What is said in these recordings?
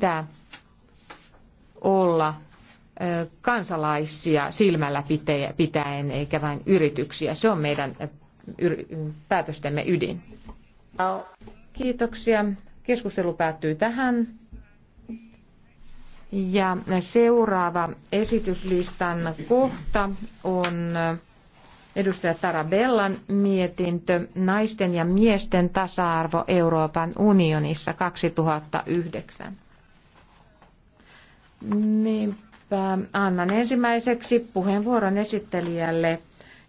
pitää olla kansalaisia silmällä pitäen eikä vain yrityksiä. Se on meidän päätöstemme ydin. Kiitoksia. Keskustelu päättyy tähän. Ja seuraava esityslistan kohta on edustaja Tarabellan mietintö Naisten ja miesten tasa-arvo Euroopan unionissa 2009. Niinpä annan ensimmäiseksi puheenvuoron esittelijälle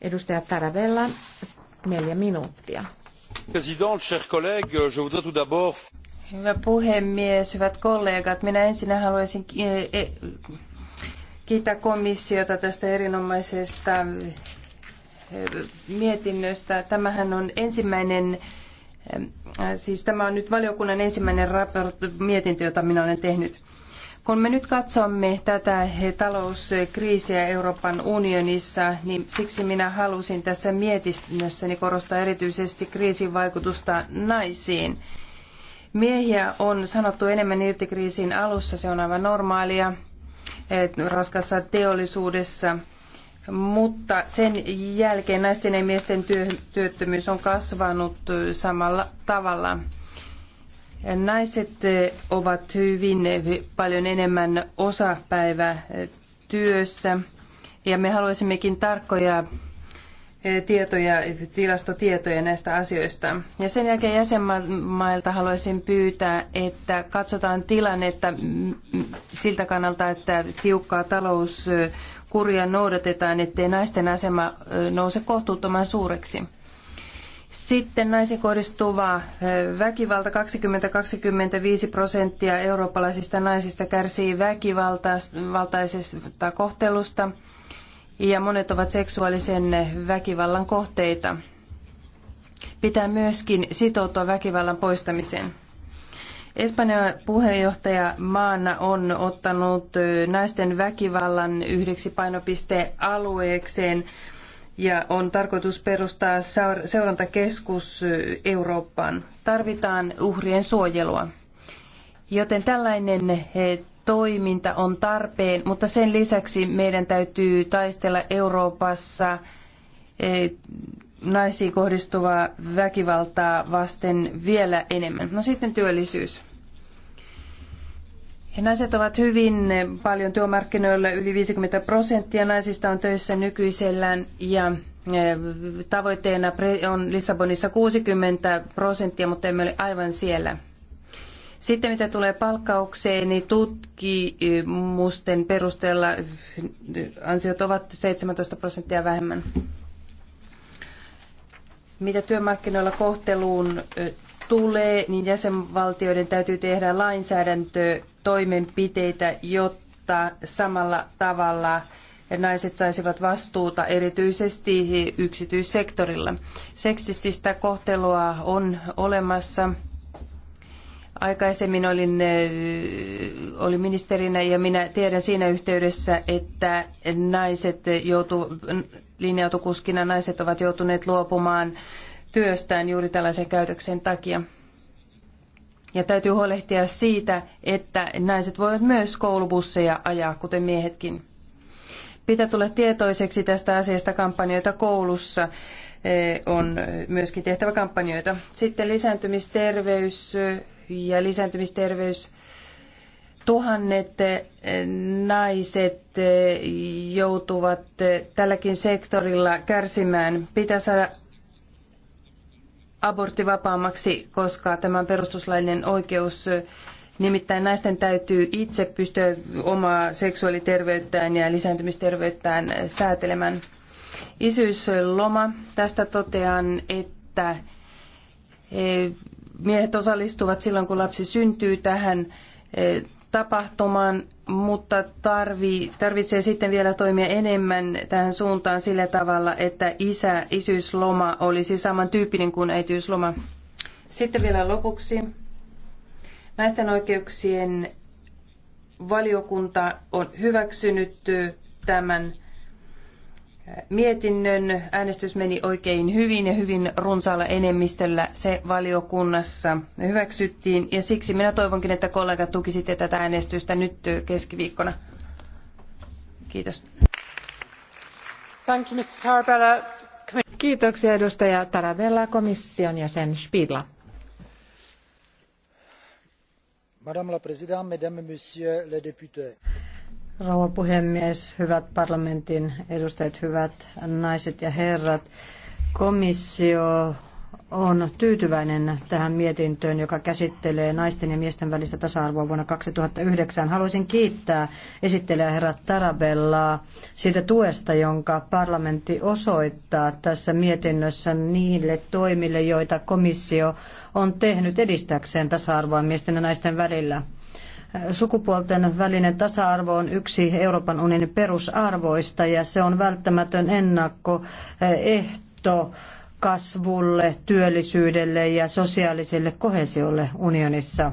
edustaja Taravella, neljä minuuttia. President, cher collègues, je voudrais tout d'abord... Hyvä puhemies, hyvät kollegat. Minä ensin haluaisin e- e- kiittää komissiota tästä erinomaisesta e- mietinnöstä. Tämähän on ensimmäinen, siis tämä on nyt valiokunnan ensimmäinen raport, mietintö, jota minä olen tehnyt. Kun me nyt katsomme tätä talouskriisiä Euroopan unionissa, niin siksi minä halusin tässä mietinnössäni korostaa erityisesti kriisin vaikutusta naisiin. Miehiä on sanottu enemmän irti kriisin alussa, se on aivan normaalia eh, raskassa teollisuudessa, mutta sen jälkeen naisten ja miesten työttömyys on kasvanut eh, samalla tavalla. Naiset eh, ovat hyvin eh, paljon enemmän osapäivätyössä eh, ja me haluaisimmekin tarkkoja tietoja, tilastotietoja näistä asioista. Ja sen jälkeen jäsenmailta haluaisin pyytää, että katsotaan tilannetta siltä kannalta, että tiukkaa talouskuria noudatetaan, ettei naisten asema nouse kohtuuttoman suureksi. Sitten naisiin kohdistuva väkivalta. 20-25 prosenttia eurooppalaisista naisista kärsii väkivaltaisesta kohtelusta ja monet ovat seksuaalisen väkivallan kohteita. Pitää myöskin sitoutua väkivallan poistamiseen. Espanjan puheenjohtaja maana on ottanut naisten väkivallan yhdeksi painopistealueekseen alueekseen ja on tarkoitus perustaa seurantakeskus Eurooppaan. Tarvitaan uhrien suojelua. Joten tällainen eh, toiminta on tarpeen, mutta sen lisäksi meidän täytyy taistella Euroopassa eh, naisiin kohdistuvaa väkivaltaa vasten vielä enemmän. No sitten työllisyys. Naiset ovat hyvin paljon työmarkkinoilla, yli 50 prosenttia naisista on töissä nykyisellään ja eh, tavoitteena on Lissabonissa 60 prosenttia, mutta emme ole aivan siellä. Sitten mitä tulee palkkaukseen, niin tutkimusten perusteella ansiot ovat 17 prosenttia vähemmän. Mitä työmarkkinoilla kohteluun eh, tulee, niin jäsenvaltioiden täytyy tehdä lainsäädäntötoimenpiteitä, jotta samalla tavalla naiset saisivat vastuuta erityisesti yksityissektorilla. Seksististä kohtelua on olemassa. Aikaisemmin olin, olin ministerinä ja minä tiedän siinä yhteydessä, että naiset joutu, linja-autokuskina naiset ovat joutuneet luopumaan työstään juuri tällaisen käytöksen takia. Ja täytyy huolehtia siitä, että naiset voivat myös koulubusseja ajaa, kuten miehetkin. Pitää tulla tietoiseksi tästä asiasta kampanjoita koulussa. E, on myöskin tehtävä kampanjoita. Sitten lisääntymisterveys ja lisääntymisterveys. Tuhannet naiset joutuvat tälläkin sektorilla kärsimään. Pitää saada aborttivapaammaksi, koska tämä on perustuslainen oikeus. Nimittäin naisten täytyy itse pystyä omaa seksuaaliterveyttään ja lisääntymisterveyttään säätelemään. Isyysloma. Tästä totean, että eh, miehet osallistuvat silloin, kun lapsi syntyy tähän eh, tapahtumaan, mutta tarvii, tarvitsee sitten vielä toimia enemmän tähän suuntaan sillä tavalla, että isä, isyysloma olisi samantyyppinen kuin äitiysloma. Sitten vielä lopuksi. Naisten oikeuksien valiokunta on hyväksynyt tämän mietinnön. Äänestys meni oikein hyvin ja hyvin runsaalla enemmistöllä se valiokunnassa hyväksyttiin. Ja siksi minä toivonkin, että kollegat tukisitte tätä äänestystä nyt keskiviikkona. Kiitos. Thank you, Mr. Tarabella. Kiitoksia edustaja Tarabella, komission jäsen Spidla. Madame la Présidente, Mesdames et Messieurs les députés. Rouva puhemies, hyvät parlamentin edustajat, hyvät naiset ja herrat. Komissio on tyytyväinen tähän mietintöön, joka käsittelee naisten ja miesten välistä tasa-arvoa vuonna 2009. Haluaisin kiittää esittelijä herra Tarabellaa siitä tuesta, jonka parlamentti osoittaa tässä mietinnössä niille toimille, joita komissio on tehnyt edistääkseen tasa-arvoa miesten ja naisten välillä. Sukupuolten välinen tasa-arvo on yksi Euroopan unionin perusarvoista ja se on välttämätön ennakkoehto kasvulle, työllisyydelle ja sosiaaliselle kohesiolle unionissa.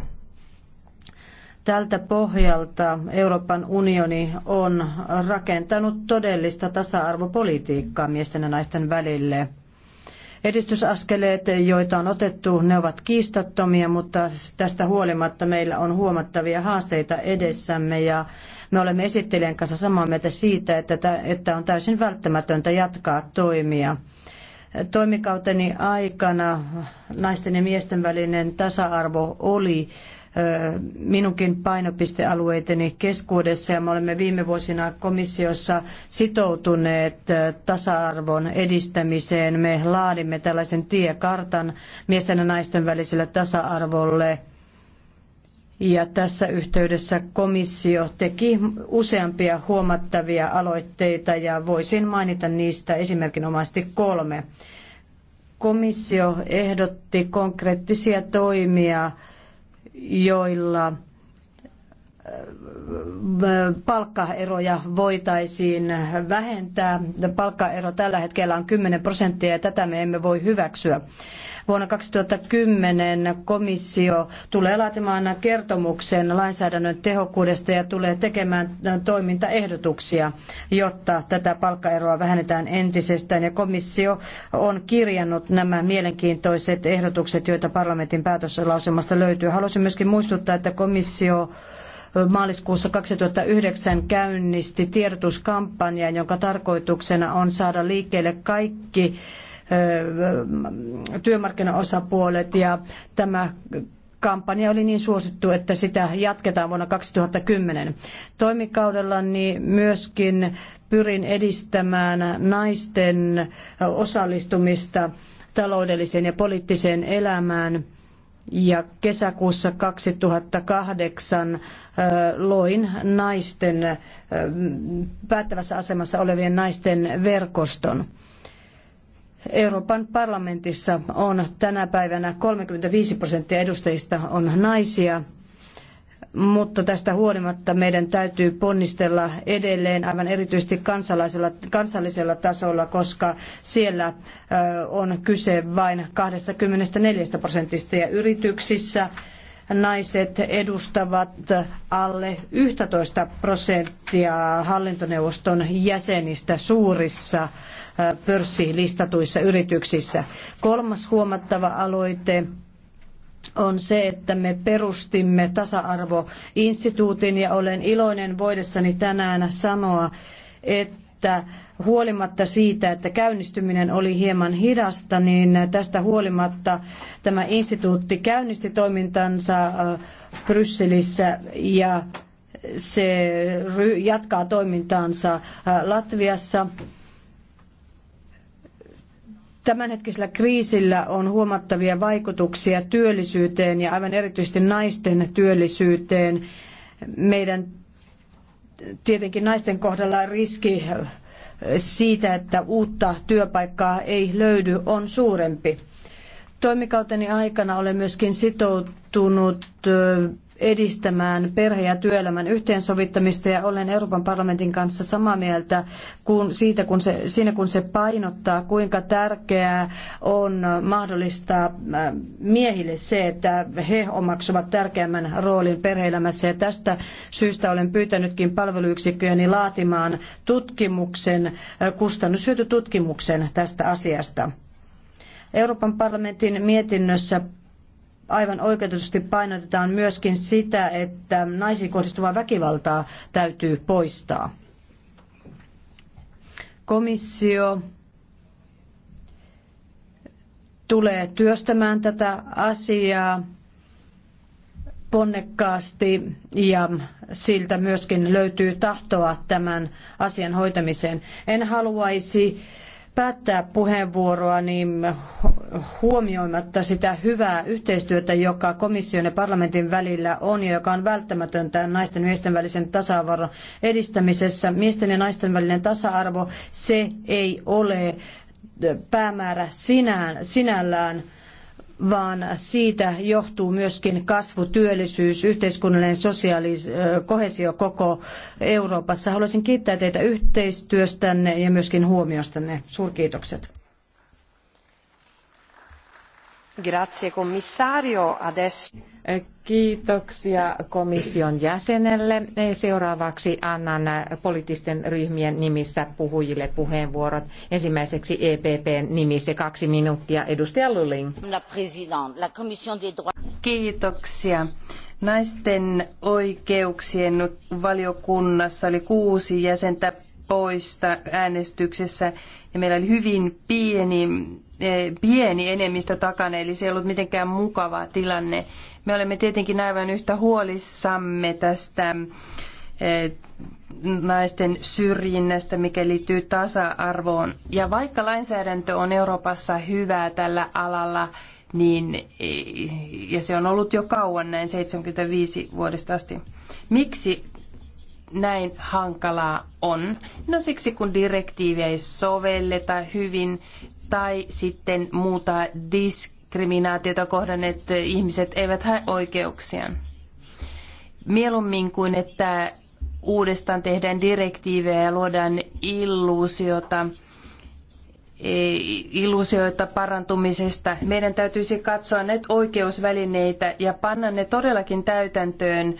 Tältä pohjalta Euroopan unioni on rakentanut todellista tasa-arvopolitiikkaa miesten ja naisten välille – Edistysaskeleet, joita on otettu, ne ovat kiistattomia, mutta tästä huolimatta meillä on huomattavia haasteita edessämme ja me olemme esittelijän kanssa samaa mieltä siitä, että on täysin välttämätöntä jatkaa toimia toimikauteni aikana naisten ja miesten välinen tasa-arvo oli minunkin painopistealueiteni keskuudessa ja me olemme viime vuosina komissiossa sitoutuneet tasa-arvon edistämiseen. Me laadimme tällaisen tiekartan miesten ja naisten väliselle tasa-arvolle. Ja tässä yhteydessä komissio teki useampia huomattavia aloitteita ja voisin mainita niistä esimerkinomaisesti kolme. Komissio ehdotti konkreettisia toimia joilla äh, palkkaeroja voitaisiin vähentää. Palkkaero tällä hetkellä on 10 prosenttia ja tätä me emme voi hyväksyä. Vuonna 2010 komissio tulee laatimaan kertomuksen lainsäädännön tehokkuudesta ja tulee tekemään äh, toimintaehdotuksia, jotta tätä palkkaeroa vähennetään entisestään. Ja komissio on kirjannut nämä mielenkiintoiset ehdotukset, joita parlamentin päätöslauselmasta löytyy. Haluaisin myöskin muistuttaa, että komissio äh, maaliskuussa 2009 käynnisti tiedotuskampanjan, jonka tarkoituksena on saada liikkeelle kaikki työmarkkinaosapuolet ja tämä kampanja oli niin suosittu, että sitä jatketaan vuonna 2010. Toimikaudellani niin myöskin pyrin edistämään naisten osallistumista taloudelliseen ja poliittiseen elämään. Ja kesäkuussa 2008 loin naisten, päättävässä asemassa olevien naisten verkoston. Euroopan parlamentissa on tänä päivänä 35 prosenttia edustajista on naisia, mutta tästä huolimatta meidän täytyy ponnistella edelleen aivan erityisesti kansallisella, kansallisella tasolla, koska siellä on kyse vain 24 prosentista ja yrityksissä naiset edustavat alle 11 prosenttia hallintoneuvoston jäsenistä suurissa pörssilistatuissa yrityksissä. Kolmas huomattava aloite on se, että me perustimme tasa-arvoinstituutin ja olen iloinen voidessani tänään sanoa, että huolimatta siitä, että käynnistyminen oli hieman hidasta, niin tästä huolimatta tämä instituutti käynnisti toimintansa Brysselissä ja se jatkaa toimintaansa Latviassa Tämänhetkisellä kriisillä on huomattavia vaikutuksia työllisyyteen ja aivan erityisesti naisten työllisyyteen. Meidän tietenkin naisten kohdalla riski siitä, että uutta työpaikkaa ei löydy, on suurempi. Toimikauteni aikana olen myöskin sitoutunut edistämään perhe- ja työelämän yhteensovittamista ja olen Euroopan parlamentin kanssa samaa mieltä kun siitä, kun se, siinä kun se painottaa, kuinka tärkeää on mahdollistaa äh, miehille se, että he omaksuvat tärkeämmän roolin perheelämässä ja tästä syystä olen pyytänytkin palveluyksikköjäni laatimaan tutkimuksen, äh, kustannushyötytutkimuksen tästä asiasta. Euroopan parlamentin mietinnössä aivan oikeutetusti painotetaan myöskin sitä, että naisiin kohdistuvaa väkivaltaa täytyy poistaa. Komissio tulee työstämään tätä asiaa ponnekkaasti ja siltä myöskin löytyy tahtoa tämän asian hoitamiseen. En haluaisi päättää puheenvuoroa niin huomioimatta sitä hyvää yhteistyötä, joka komission ja parlamentin välillä on ja joka on välttämätöntä naisten ja miesten välisen tasa-arvon edistämisessä. Miesten ja naisten välinen tasa-arvo, se ei ole päämäärä sinään, sinällään – vaan siitä johtuu myöskin kasvu, työllisyys, yhteiskunnallinen sosiaali kohesio koko Euroopassa. Haluaisin kiittää teitä yhteistyöstänne ja myöskin huomiostanne. Suurkiitokset. Grazie komissario. Adesso... Kiitoksia komission jäsenelle. Seuraavaksi annan poliittisten ryhmien nimissä puhujille puheenvuorot. Ensimmäiseksi EPPn nimissä kaksi minuuttia. Edustaja Lulling. Kiitoksia. Naisten oikeuksien valiokunnassa oli kuusi jäsentä poista äänestyksessä ja meillä oli hyvin pieni, eh, pieni enemmistö takana, eli se ei ollut mitenkään mukava tilanne. Me olemme tietenkin aivan yhtä huolissamme tästä eh, naisten syrjinnästä, mikä liittyy tasa-arvoon. Ja vaikka lainsäädäntö on Euroopassa hyvää tällä alalla, niin, eh, ja se on ollut jo kauan näin 75 vuodesta asti. Miksi näin hankalaa on? No siksi, kun direktiiviä ei sovelleta hyvin tai sitten muuta diskriminaatiota kohdanneet ihmiset eivät hae oikeuksiaan. Mieluummin kuin että uudestaan tehdään direktiivejä ja luodaan illuusiota, illuusioita parantumisesta. Meidän täytyisi katsoa ne oikeusvälineitä ja panna ne todellakin täytäntöön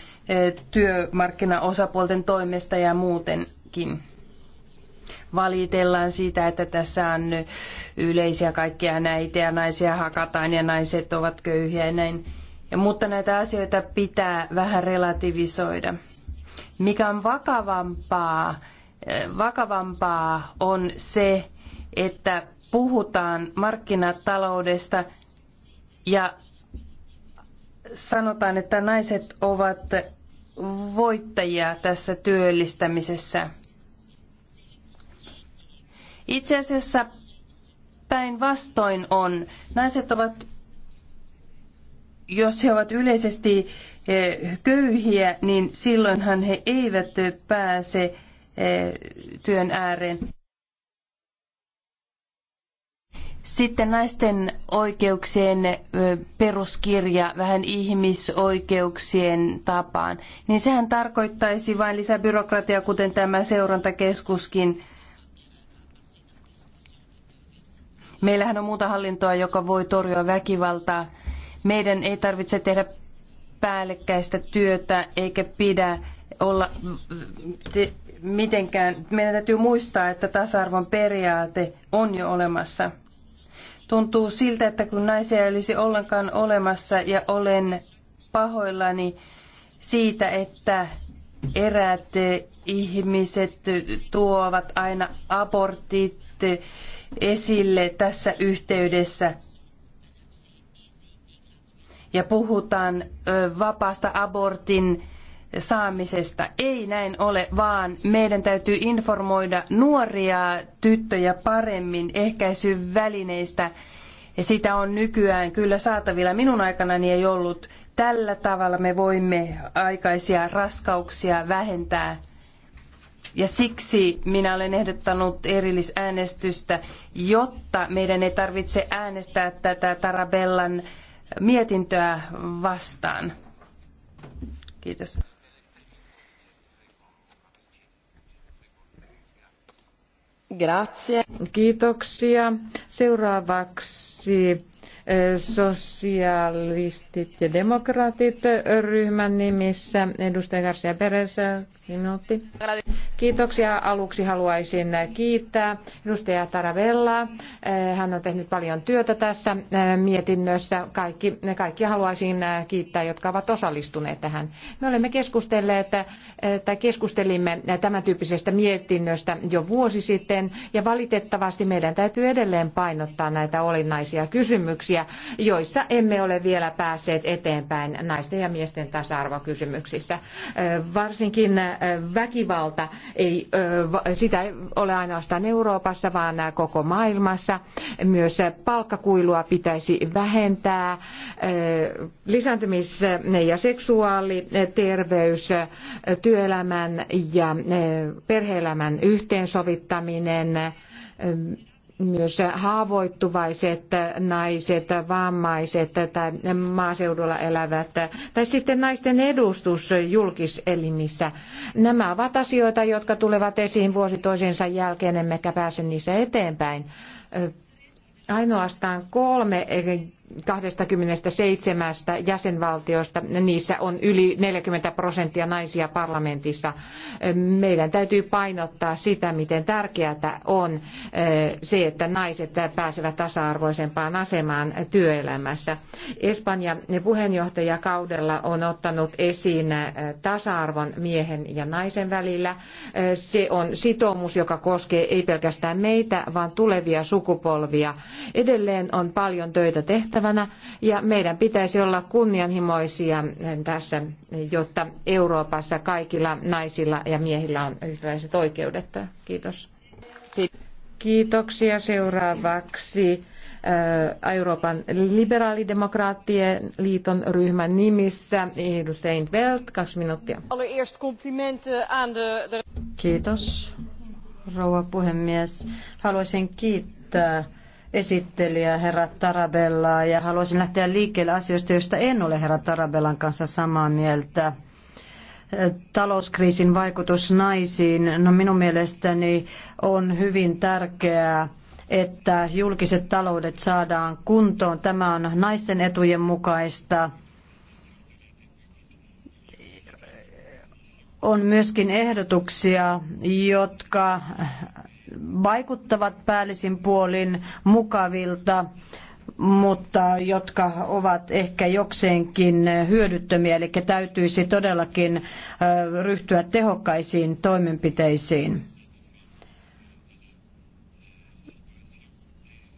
työmarkkinaosapuolten toimesta ja muutenkin. Valitellaan siitä, että tässä on yleisiä kaikkia näitä ja naisia hakataan ja naiset ovat köyhiä ja näin. Mutta näitä asioita pitää vähän relativisoida. Mikä on vakavampaa, vakavampaa on se, että puhutaan markkinataloudesta ja sanotaan, että naiset ovat voittajia tässä työllistämisessä. Itse asiassa päinvastoin on. Naiset ovat, jos he ovat yleisesti eh, köyhiä, niin silloinhan he eivät pääse eh, työn ääreen. Sitten naisten oikeuksien peruskirja vähän ihmisoikeuksien tapaan, niin sehän tarkoittaisi vain lisää byrokratiaa, kuten tämä seurantakeskuskin. Meillähän on muuta hallintoa, joka voi torjua väkivaltaa. Meidän ei tarvitse tehdä päällekkäistä työtä eikä pidä olla mm, te, mitenkään. Meidän täytyy muistaa, että tasa-arvon periaate on jo olemassa. Tuntuu siltä, että kun naisia ei olisi ollenkaan olemassa ja olen pahoillani siitä, että eräät ihmiset tuovat aina abortit esille tässä yhteydessä ja puhutaan vapaasta abortin saamisesta. Ei näin ole, vaan meidän täytyy informoida nuoria tyttöjä paremmin ehkäisyvälineistä. Ja sitä on nykyään kyllä saatavilla. Minun aikanani ei ollut. Tällä tavalla me voimme aikaisia raskauksia vähentää. Ja siksi minä olen ehdottanut erillisäänestystä, jotta meidän ei tarvitse äänestää tätä Tarabellan mietintöä vastaan. Kiitos. Grazie. Kiitoksia. Seuraavaksi sosialistit ja demokraatit ryhmän nimissä. Edustaja Garcia Perez, minuutti. Kiitoksia. Aluksi haluaisin kiittää edustaja Taravella. Hän on tehnyt paljon työtä tässä mietinnössä. Kaikki, kaikki haluaisin kiittää, jotka ovat osallistuneet tähän. Me olemme keskustelleet tai keskustelimme tämän tyyppisestä mietinnöstä jo vuosi sitten ja valitettavasti meidän täytyy edelleen painottaa näitä olennaisia kysymyksiä kysymyksiä, joissa emme ole vielä päässeet eteenpäin naisten ja miesten tasa-arvokysymyksissä. Varsinkin väkivalta ei, sitä ei ole ainoastaan Euroopassa, vaan koko maailmassa. Myös palkkakuilua pitäisi vähentää. Lisääntymis- ja seksuaaliterveys, työelämän ja perheelämän yhteensovittaminen, myös haavoittuvaiset naiset, vammaiset tai maaseudulla elävät, tai sitten naisten edustus julkiselimissä. Nämä ovat asioita, jotka tulevat esiin vuosi toisensa jälkeen, emmekä pääse niissä eteenpäin. Ainoastaan kolme 27 jäsenvaltiosta, niissä on yli 40 prosenttia naisia parlamentissa. Meidän täytyy painottaa sitä, miten tärkeää on eh, se, että naiset pääsevät tasa-arvoisempaan asemaan työelämässä. Espanja puheenjohtajakaudella on ottanut esiin eh, tasa-arvon miehen ja naisen välillä. Eh, se on sitoumus, joka koskee ei pelkästään meitä, vaan tulevia sukupolvia. Edelleen on paljon töitä tehtävä tehtävänä ja meidän pitäisi olla kunnianhimoisia tässä, jotta Euroopassa kaikilla naisilla ja miehillä on yhtäläiset oikeudet. Kiitos. Kiitoksia. Seuraavaksi äh, Euroopan liberaalidemokraattien liiton ryhmän nimissä edustaja Intveld, kaksi minuuttia. Äh, Kiitos, rouva puhemies. Haluaisin kiittää esittelijä herra Tarabellaa ja haluaisin lähteä liikkeelle asioista, joista en ole herra Tarabellan kanssa samaa mieltä. Talouskriisin vaikutus naisiin, no minun mielestäni on hyvin tärkeää, että julkiset taloudet saadaan kuntoon. Tämä on naisten etujen mukaista. On myöskin ehdotuksia, jotka vaikuttavat päällisin puolin mukavilta, mutta jotka ovat ehkä jokseenkin hyödyttömiä, eli täytyisi todellakin ryhtyä tehokkaisiin toimenpiteisiin.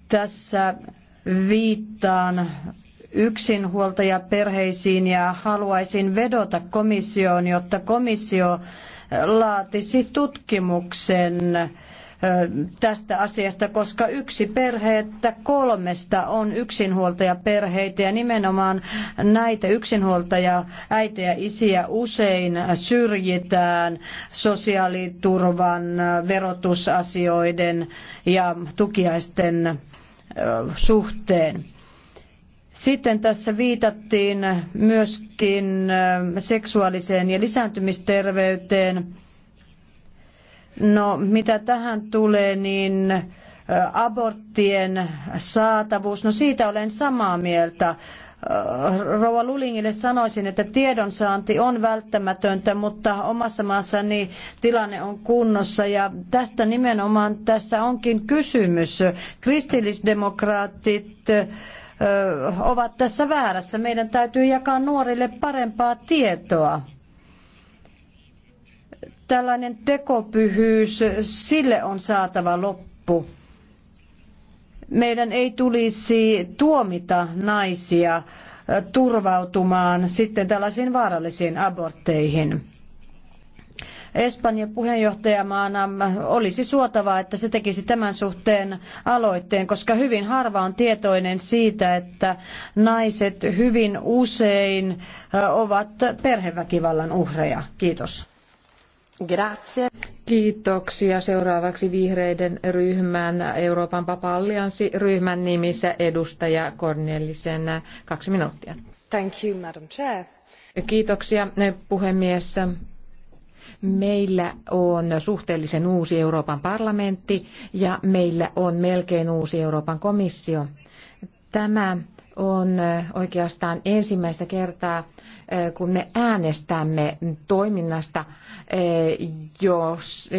Tässä viittaan yksinhuoltajaperheisiin ja haluaisin vedota komissioon, jotta komissio laatisi tutkimuksen tästä asiasta, koska yksi perheettä kolmesta on yksinhuoltajaperheitä ja nimenomaan näitä yksinhuoltaja äitejä isiä usein syrjitään sosiaaliturvan, verotusasioiden ja tukiaisten suhteen. Sitten tässä viitattiin myöskin seksuaaliseen ja lisääntymisterveyteen No mitä tähän tulee, niin äh, aborttien saatavuus, no siitä olen samaa mieltä. Äh, rouva Lulingille sanoisin, että tiedonsaanti on välttämätöntä, mutta omassa maassani tilanne on kunnossa ja tästä nimenomaan tässä onkin kysymys. Kristillisdemokraatit äh, ovat tässä väärässä. Meidän täytyy jakaa nuorille parempaa tietoa. Tällainen tekopyhyys, sille on saatava loppu. Meidän ei tulisi tuomita naisia äh, turvautumaan sitten tällaisiin vaarallisiin abortteihin. Espanjan puheenjohtajamaana olisi suotavaa, että se tekisi tämän suhteen aloitteen, koska hyvin harva on tietoinen siitä, että naiset hyvin usein äh, ovat perheväkivallan uhreja. Kiitos. Grazie. Kiitoksia. Seuraavaksi vihreiden ryhmän Euroopan vapaallianssi ryhmän nimissä edustaja Kornelisen kaksi minuuttia. Thank you, Madam Chair. Kiitoksia puhemies. Meillä on suhteellisen uusi Euroopan parlamentti ja meillä on melkein uusi Euroopan komissio. Tämä on oikeastaan ensimmäistä kertaa kun me äänestämme toiminnasta, jos,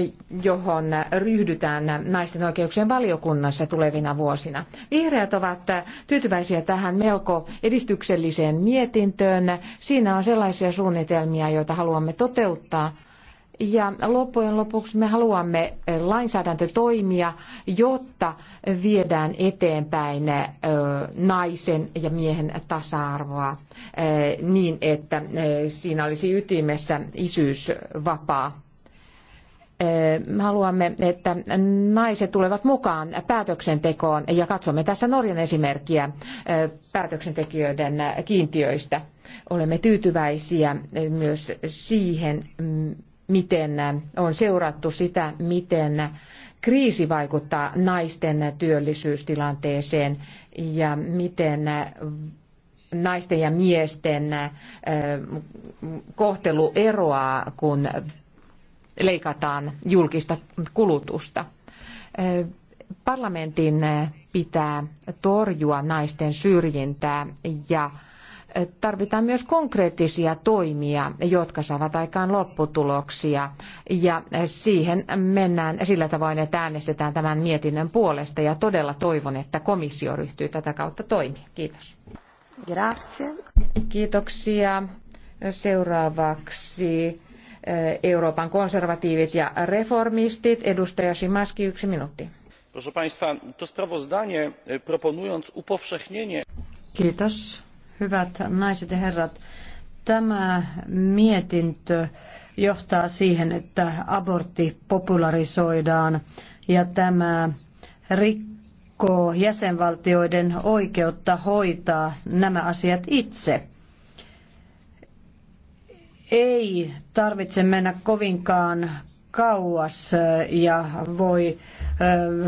johon ryhdytään naisten oikeuksien valiokunnassa tulevina vuosina. Vihreät ovat tyytyväisiä tähän melko edistykselliseen mietintöön. Siinä on sellaisia suunnitelmia, joita haluamme toteuttaa ja loppujen lopuksi me haluamme lainsäädäntötoimia, jotta viedään eteenpäin naisen ja miehen tasa-arvoa niin, että siinä olisi ytimessä isyysvapaa. Me haluamme, että naiset tulevat mukaan päätöksentekoon ja katsomme tässä Norjan esimerkkiä päätöksentekijöiden kiintiöistä. Olemme tyytyväisiä myös siihen, miten äh, on seurattu sitä, miten kriisi vaikuttaa naisten työllisyystilanteeseen ja miten äh, naisten ja miesten äh, kohtelu eroaa, kun leikataan julkista kulutusta. Parlamentin pitää torjua naisten syrjintää ja tarvitaan myös konkreettisia toimia, jotka saavat aikaan lopputuloksia. Ja siihen mennään sillä tavoin, että äänestetään tämän mietinnön puolesta ja todella toivon, että komissio ryhtyy tätä kautta toimiin. Kiitos. Grazie. Kiitoksia. Seuraavaksi eh, Euroopan konservatiivit ja reformistit. Edustaja Simaski, yksi minuutti. Proszę Państwa, to sprawozdanie eh, proponując upowszechnienie... Kiitos Hyvät naiset ja herrat, tämä mietintö johtaa siihen, että abortti popularisoidaan ja tämä rikkoo jäsenvaltioiden oikeutta hoitaa nämä asiat itse ei tarvitse mennä kovinkaan kauas ja voi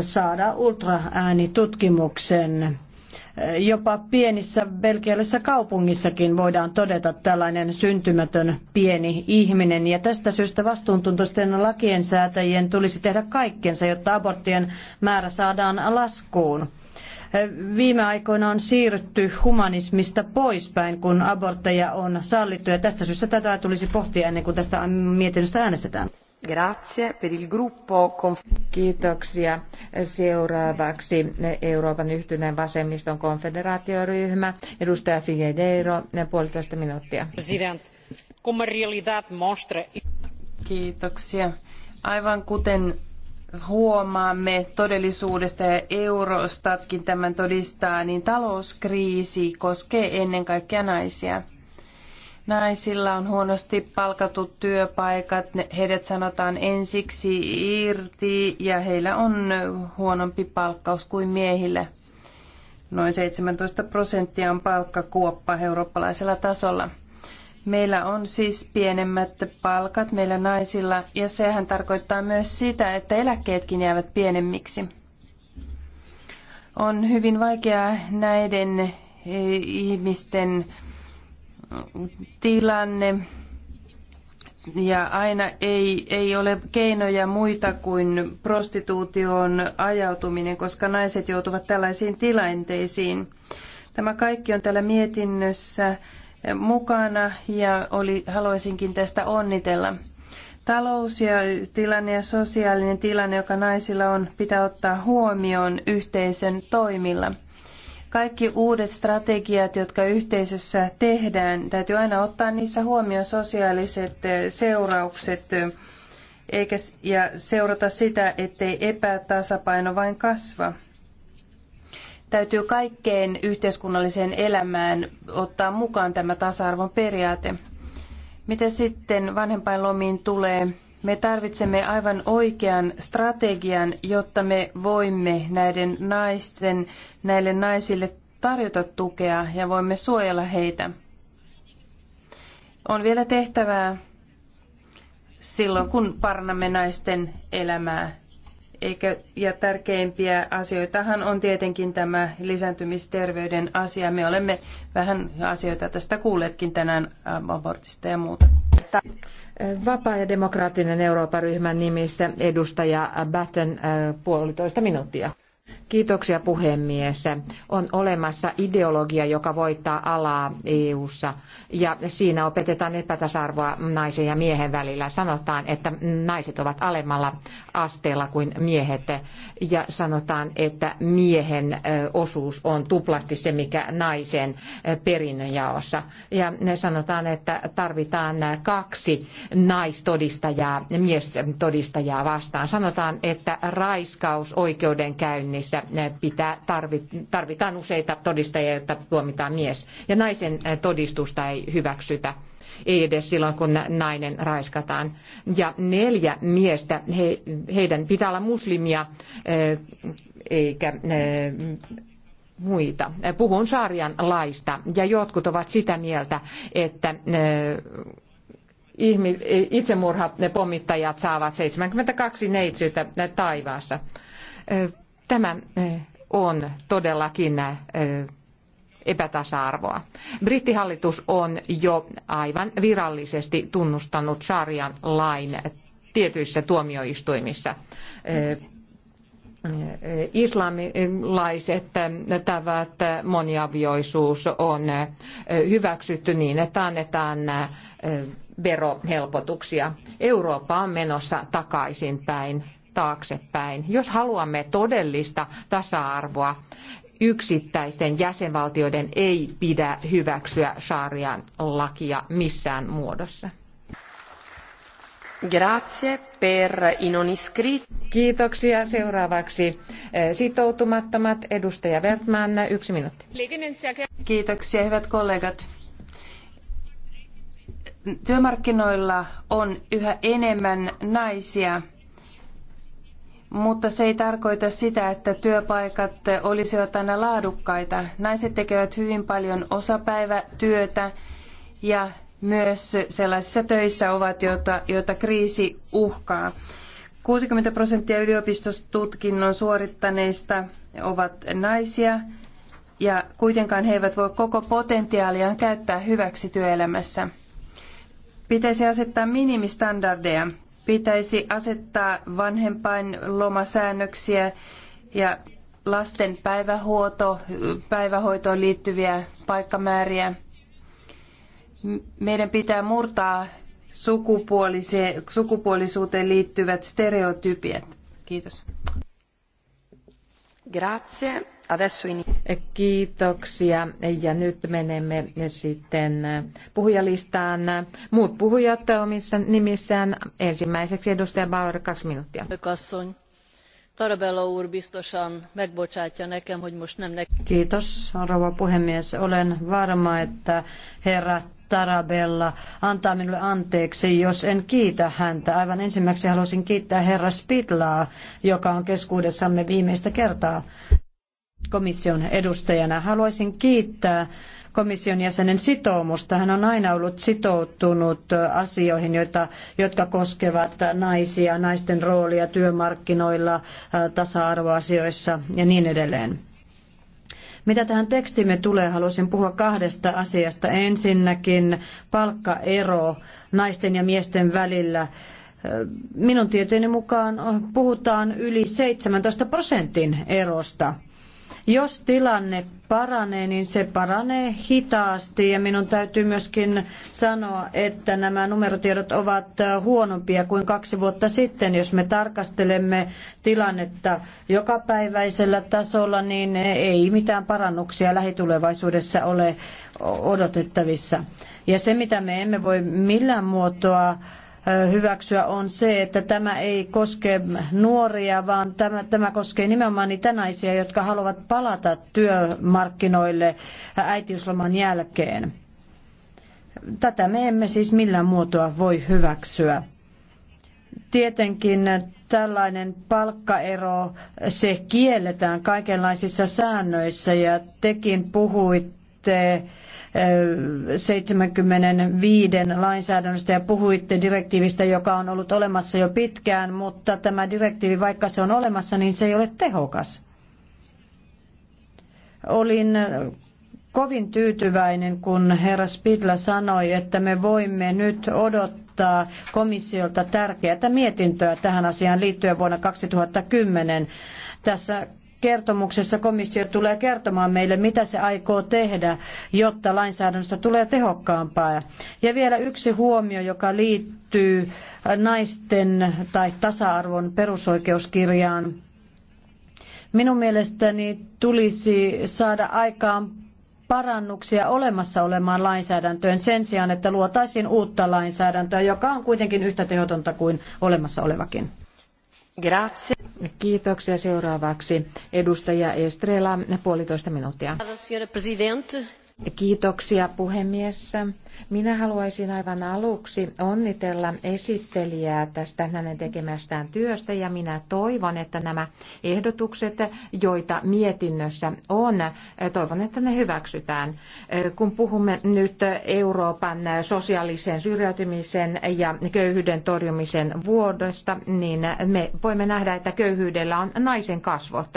saada ultraäänitutkimuksen Jopa pienissä belgialaisissa kaupungissakin voidaan todeta tällainen syntymätön pieni ihminen. Ja tästä syystä vastuuntuntoisten lakien säätäjien tulisi tehdä kaikkensa, jotta aborttien määrä saadaan laskuun. Viime aikoina on siirrytty humanismista poispäin, kun abortteja on sallittu, ja tästä syystä tätä tulisi pohtia ennen kuin tästä mietinnöstä äänestetään. Grazie per il gruppo Kiitoksia. Seuraavaksi Euroopan yhtenäinen vasemmiston konfederaatioryhmä. Edustaja Figueiredo, puolitoista minuuttia. Kiitoksia. Aivan kuten huomaamme todellisuudesta ja Eurostatkin tämän todistaa, niin talouskriisi koskee ennen kaikkea naisia. Naisilla on huonosti palkatut työpaikat, heidät sanotaan ensiksi irti ja heillä on huonompi palkkaus kuin miehillä. Noin 17 prosenttia on palkkakuoppa eurooppalaisella tasolla. Meillä on siis pienemmät palkat meillä naisilla ja sehän tarkoittaa myös sitä, että eläkkeetkin jäävät pienemmiksi. On hyvin vaikeaa näiden eh, ihmisten tilanne ja aina ei, ei ole keinoja muita kuin prostituutioon ajautuminen, koska naiset joutuvat tällaisiin tilanteisiin. Tämä kaikki on täällä mietinnössä mukana ja oli, haluaisinkin tästä onnitella. Talous ja tilanne ja sosiaalinen tilanne, joka naisilla on, pitää ottaa huomioon yhteisen toimilla – kaikki uudet strategiat, jotka yhteisössä tehdään, täytyy aina ottaa niissä huomioon sosiaaliset eh, seuraukset eh, eikä, ja seurata sitä, ettei epätasapaino vain kasva. Täytyy kaikkeen yhteiskunnalliseen elämään ottaa mukaan tämä tasa-arvon periaate. Mitä sitten vanhempainlomiin tulee? Me tarvitsemme aivan oikean strategian, jotta me voimme näiden naisten, näille naisille tarjota tukea ja voimme suojella heitä. On vielä tehtävää silloin, kun parannamme naisten elämää. Eikä, ja tärkeimpiä asioitahan on tietenkin tämä lisääntymisterveyden asia. Me olemme vähän asioita tästä kuulleetkin tänään abortista ja muuta. Vapaa- ja demokraattinen Eurooppa-ryhmän nimissä edustaja Batten puolitoista minuuttia. Kiitoksia puhemies. On olemassa ideologia, joka voittaa alaa EU-ssa ja siinä opetetaan epätasa-arvoa naisen ja miehen välillä. Sanotaan, että naiset ovat alemmalla asteella kuin miehet ja sanotaan, että miehen osuus on tuplasti se, mikä naisen perinnönjaossa. Ja sanotaan, että tarvitaan kaksi naistodistajaa miestodistajaa vastaan. Sanotaan, että raiskaus oikeudenkäynnin käynnissä pitää, tarvitaan useita todistajia, jotta tuomitaan mies. Ja naisen todistusta ei hyväksytä ei edes silloin, kun nainen raiskataan. Ja neljä miestä, he, heidän pitää olla muslimia eikä muita. Puhun saarian laista ja jotkut ovat sitä mieltä, että itsemurhapommittajat saavat 72 neitsyyttä taivaassa. Tämä on todellakin epätasa-arvoa. Brittihallitus on jo aivan virallisesti tunnustanut sarjan lain tietyissä tuomioistuimissa. Islamilaiset tavat moniavioisuus on hyväksytty niin, että annetaan verohelpotuksia. Eurooppa on menossa takaisinpäin taaksepäin. Jos haluamme todellista tasa-arvoa, yksittäisten jäsenvaltioiden ei pidä hyväksyä saarian lakia missään muodossa. Grazie per i non iscritti. Kiitoksia. Seuraavaksi eh, sitoutumattomat. Edustaja Wertman, yksi minuutti. Kiitoksia, hyvät kollegat työmarkkinoilla on yhä enemmän naisia mutta se ei tarkoita sitä, että työpaikat olisivat aina laadukkaita. Naiset tekevät hyvin paljon osapäivätyötä ja myös sellaisissa töissä ovat, joita, joita kriisi uhkaa. 60 prosenttia yliopistotutkinnon suorittaneista ovat naisia ja kuitenkaan he eivät voi koko potentiaaliaan käyttää hyväksi työelämässä. Pitäisi asettaa minimistandardeja pitäisi asettaa vanhempain lomasäännöksiä ja lasten päivähuoto, päivähoitoon liittyviä paikkamääriä. Meidän pitää murtaa sukupuolisuuteen liittyvät stereotypiat. Kiitos. Grazie. Kiitoksia. Ja nyt menemme sitten puhujalistaan. Muut puhujat omissa nimissään. Ensimmäiseksi edustaja Bauer, kaksi minuuttia. Tarabella nekem, Kiitos, rouva puhemies. Olen varma, että herra Tarabella antaa minulle anteeksi, jos en kiitä häntä. Aivan ensimmäiseksi haluaisin kiittää herra Spidlaa, joka on keskuudessamme viimeistä kertaa komission edustajana. Haluaisin kiittää komission jäsenen sitoumusta. Hän on aina ollut sitoutunut asioihin, joita, jotka koskevat naisia, naisten roolia työmarkkinoilla, tasa-arvoasioissa ja niin edelleen. Mitä tähän tekstimme tulee, haluaisin puhua kahdesta asiasta. Ensinnäkin palkkaero naisten ja miesten välillä. Minun tietojeni mukaan puhutaan yli 17 prosentin erosta. Jos tilanne paranee, niin se paranee hitaasti ja minun täytyy myöskin sanoa, että nämä numerotiedot ovat huonompia kuin kaksi vuotta sitten. Jos me tarkastelemme tilannetta jokapäiväisellä tasolla, niin ei mitään parannuksia lähitulevaisuudessa ole odotettavissa. Ja se, mitä me emme voi millään muotoa hyväksyä, on se, että tämä ei koske nuoria, vaan tämä, tämä koskee nimenomaan niitä naisia, jotka haluavat palata työmarkkinoille äitiysloman jälkeen. Tätä me emme siis millään muotoa voi hyväksyä. Tietenkin tällainen palkkaero, se kielletään kaikenlaisissa säännöissä ja tekin puhuitte 75 lainsäädännöstä ja puhuitte direktiivistä, joka on ollut olemassa jo pitkään, mutta tämä direktiivi, vaikka se on olemassa, niin se ei ole tehokas. Olin kovin tyytyväinen, kun herra Spidla sanoi, että me voimme nyt odottaa komissiolta tärkeää mietintöä tähän asiaan liittyen vuonna 2010. Tässä kertomuksessa komissio tulee kertomaan meille, mitä se aikoo tehdä, jotta lainsäädännöstä tulee tehokkaampaa. Ja vielä yksi huomio, joka liittyy naisten tai tasa-arvon perusoikeuskirjaan. Minun mielestäni tulisi saada aikaan parannuksia olemassa olemaan lainsäädäntöön sen sijaan, että luotaisiin uutta lainsäädäntöä, joka on kuitenkin yhtä tehotonta kuin olemassa olevakin. Grazie. Kiitoksia. Seuraavaksi edustaja Estrela, puolitoista minuuttia. Kiitoksia puhemies. Minä haluaisin aivan aluksi onnitella esittelijää tästä hänen tekemästään työstä ja minä toivon, että nämä ehdotukset, joita mietinnössä on, toivon, että ne hyväksytään. Kun puhumme nyt Euroopan sosiaalisen syrjäytymisen ja köyhyyden torjumisen vuodesta, niin me voimme nähdä, että köyhyydellä on naisen kasvot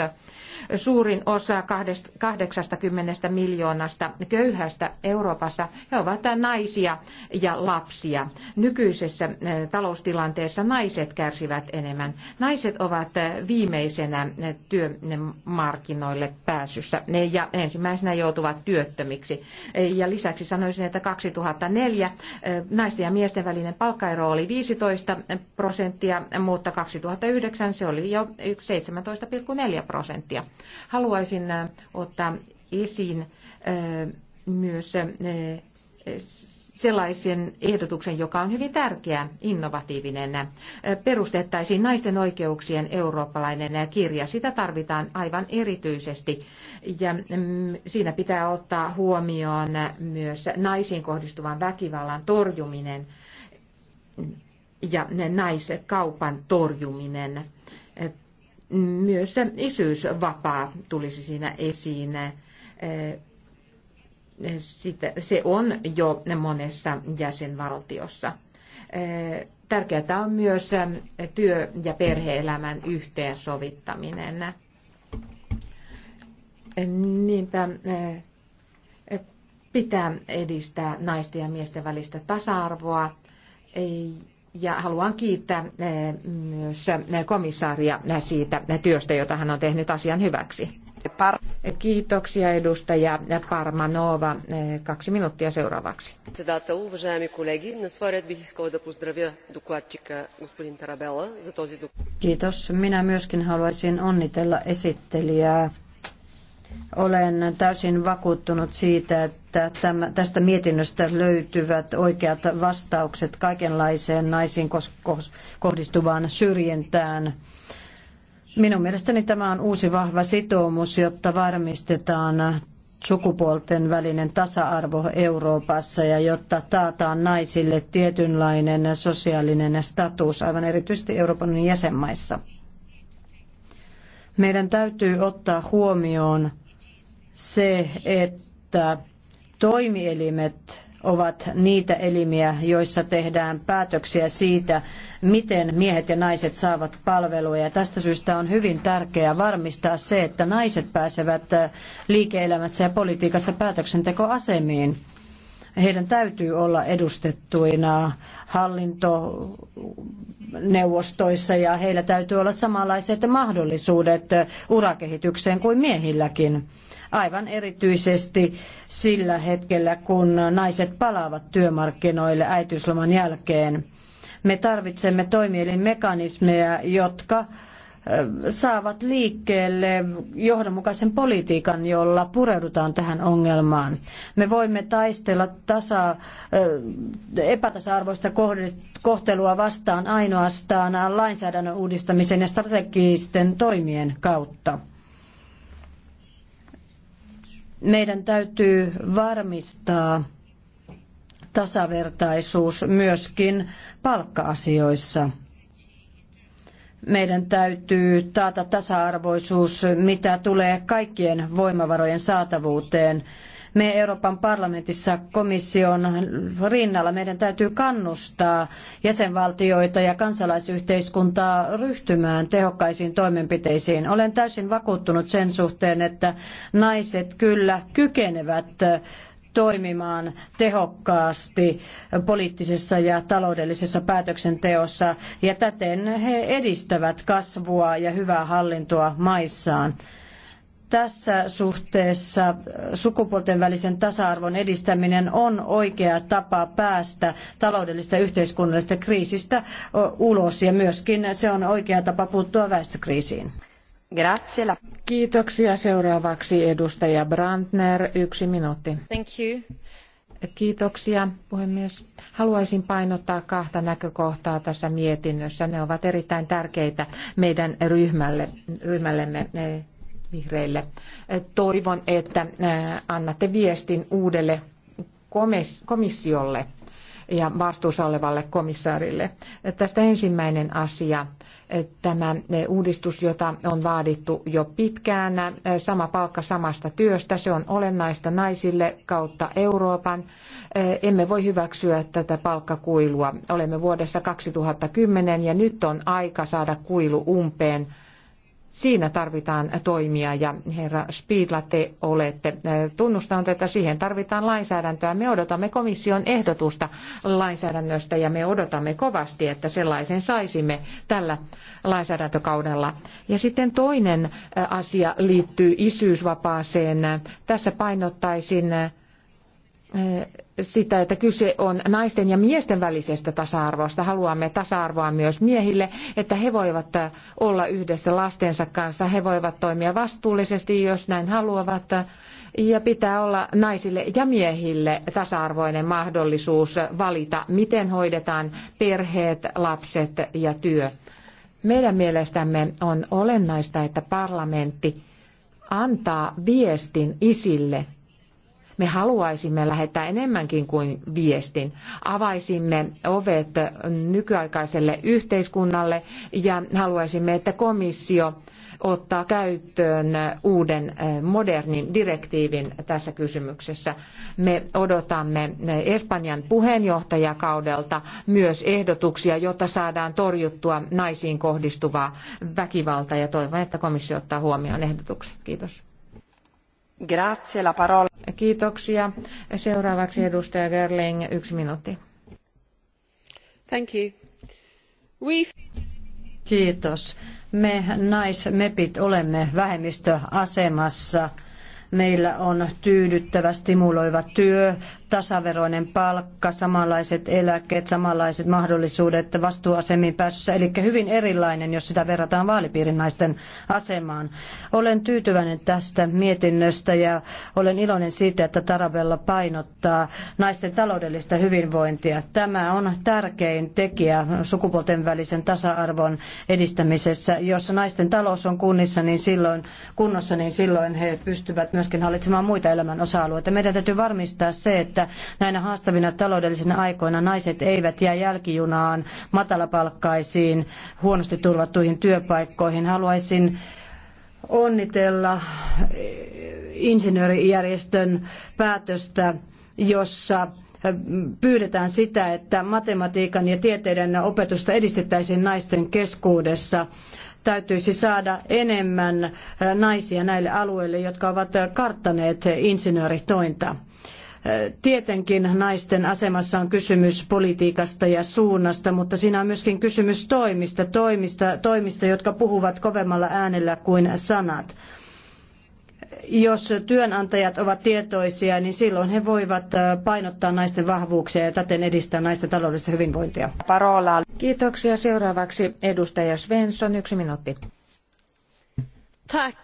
suurin osa 80 miljoonasta köyhästä Euroopassa, he ovat naisia ja lapsia. Nykyisessä eh, taloustilanteessa naiset kärsivät enemmän. Naiset ovat eh, viimeisenä eh, työmarkkinoille pääsyssä ja ensimmäisenä joutuvat työttömiksi. Ja lisäksi sanoisin, että 2004 naisten ja miesten välinen palkkaero oli 15 prosenttia, mutta 2009 se oli jo 17,4 prosenttia. Haluaisin äh, ottaa esiin äh, myös äh, sellaisen ehdotuksen, joka on hyvin tärkeä, innovatiivinen. Perustettaisiin naisten oikeuksien eurooppalainen kirja. Sitä tarvitaan aivan erityisesti. Ja mm, siinä pitää ottaa huomioon myös naisiin kohdistuvan väkivallan torjuminen ja naiskaupan torjuminen myös isyysvapaa tulisi siinä esiin. se on jo monessa jäsenvaltiossa. Tärkeää on myös työ- ja perheelämän yhteensovittaminen. Niinpä pitää edistää naisten ja miesten välistä tasa-arvoa ja haluan kiittää eh, myös komissaaria siitä työstä, jota hän on tehnyt asian hyväksi. Kiitoksia edustaja Parmanova. Eh, kaksi minuuttia seuraavaksi. Kiitos. Minä myöskin haluaisin onnitella esittelijää olen täysin vakuuttunut siitä, että tästä mietinnöstä löytyvät oikeat vastaukset kaikenlaiseen naisiin kohdistuvaan syrjintään. Minun mielestäni tämä on uusi vahva sitoumus, jotta varmistetaan sukupuolten välinen tasa-arvo Euroopassa ja jotta taataan naisille tietynlainen sosiaalinen status, aivan erityisesti Euroopan jäsenmaissa. Meidän täytyy ottaa huomioon se, että toimielimet ovat niitä elimiä, joissa tehdään päätöksiä siitä, miten miehet ja naiset saavat palveluja. Tästä syystä on hyvin tärkeää varmistaa se, että naiset pääsevät liike-elämässä ja politiikassa päätöksentekoasemiin heidän täytyy olla edustettuina hallintoneuvostoissa ja heillä täytyy olla samanlaiset mahdollisuudet urakehitykseen kuin miehilläkin. Aivan erityisesti sillä hetkellä, kun naiset palaavat työmarkkinoille äitiysloman jälkeen. Me tarvitsemme toimielin mekanismeja, jotka saavat liikkeelle johdonmukaisen politiikan, jolla pureudutaan tähän ongelmaan. Me voimme taistella tasa, epätasa-arvoista kohtelua vastaan ainoastaan lainsäädännön uudistamisen ja strategisten toimien kautta. Meidän täytyy varmistaa tasavertaisuus myöskin palkka-asioissa – meidän täytyy taata tasa-arvoisuus, mitä tulee kaikkien voimavarojen saatavuuteen. Me Euroopan parlamentissa komission rinnalla meidän täytyy kannustaa jäsenvaltioita ja kansalaisyhteiskuntaa ryhtymään tehokkaisiin toimenpiteisiin. Olen täysin vakuuttunut sen suhteen, että naiset kyllä kykenevät toimimaan tehokkaasti poliittisessa ja taloudellisessa päätöksenteossa ja täten he edistävät kasvua ja hyvää hallintoa maissaan. Tässä suhteessa sukupuolten välisen tasa-arvon edistäminen on oikea tapa päästä taloudellisesta ja yhteiskunnallisesta kriisistä ulos ja myöskin se on oikea tapa puuttua väestökriisiin. Kiitoksia. Seuraavaksi edustaja Brandner, yksi minuutti. Thank you. Kiitoksia, puhemies. Haluaisin painottaa kahta näkökohtaa tässä mietinnössä. Ne ovat erittäin tärkeitä meidän ryhmälle, ryhmällemme eh, vihreille. Eh, toivon, että eh, annatte viestin uudelle komissiolle ja vastuussa olevalle komissaarille. Tästä ensimmäinen asia tämä eh, uudistus, jota on vaadittu jo pitkään, eh, sama palkka samasta työstä, se on olennaista naisille kautta Euroopan. Eh, emme voi hyväksyä tätä palkkakuilua. Olemme vuodessa 2010 ja nyt on aika saada kuilu umpeen Siinä tarvitaan toimia ja herra Spiidla, te olette eh, tunnustanut, että siihen tarvitaan lainsäädäntöä. Me odotamme komission ehdotusta lainsäädännöstä ja me odotamme kovasti, että sellaisen saisimme tällä lainsäädäntökaudella. Ja sitten toinen eh, asia liittyy isyysvapaaseen. Tässä painottaisin eh, sitä, että kyse on naisten ja miesten välisestä tasa-arvosta. Haluamme tasa-arvoa myös miehille, että he voivat äh, olla yhdessä lastensa kanssa, he voivat toimia vastuullisesti, jos näin haluavat. Ja pitää olla naisille ja miehille tasa-arvoinen mahdollisuus valita, miten hoidetaan perheet, lapset ja työ. Meidän mielestämme on olennaista, että parlamentti antaa viestin isille me haluaisimme lähettää enemmänkin kuin viestin. Avaisimme ovet nykyaikaiselle yhteiskunnalle ja haluaisimme, että komissio ottaa käyttöön uuden eh, modernin direktiivin tässä kysymyksessä. Me odotamme eh, Espanjan puheenjohtajakaudelta myös ehdotuksia, jotta saadaan torjuttua naisiin kohdistuvaa väkivaltaa ja toivon, että komissio ottaa huomioon ehdotukset. Kiitos. Grazie, la parola. Kiitoksia. Seuraavaksi edustaja Gerling, yksi minuutti. Thank you. We've... Kiitos. Me naismepit olemme vähemmistöasemassa meillä on tyydyttävä stimuloiva työ, tasaveroinen palkka, samanlaiset eläkkeet, samanlaiset mahdollisuudet vastuuasemiin pääsyssä, eli hyvin erilainen, jos sitä verrataan vaalipiirin naisten asemaan. Olen tyytyväinen tästä mietinnöstä ja olen iloinen siitä, että Tarabella painottaa naisten taloudellista hyvinvointia. Tämä on tärkein tekijä sukupuolten välisen tasa-arvon edistämisessä. Jos naisten talous on kunnissa, niin silloin, kunnossa, niin silloin he pystyvät myöskin hallitsemaan muita elämän osa-alueita. Meidän täytyy varmistaa se, että että näinä haastavina taloudellisina aikoina naiset eivät jää jälkijunaan matalapalkkaisiin, huonosti turvattuihin työpaikkoihin. Haluaisin onnitella eh, insinöörijärjestön päätöstä, jossa eh, pyydetään sitä, että matematiikan ja tieteiden opetusta edistettäisiin naisten keskuudessa. Täytyisi saada enemmän eh, naisia näille alueille, jotka ovat karttaneet insinööritointa. Tietenkin naisten asemassa on kysymys politiikasta ja suunnasta, mutta siinä on myöskin kysymys toimista, toimista, toimista jotka puhuvat kovemmalla äänellä kuin sanat jos työnantajat ovat tietoisia, niin silloin he voivat äh, painottaa naisten vahvuuksia ja täten edistää naisten taloudellista hyvinvointia. Parola. Kiitoksia. Seuraavaksi edustaja Svensson, yksi minuutti. Tack.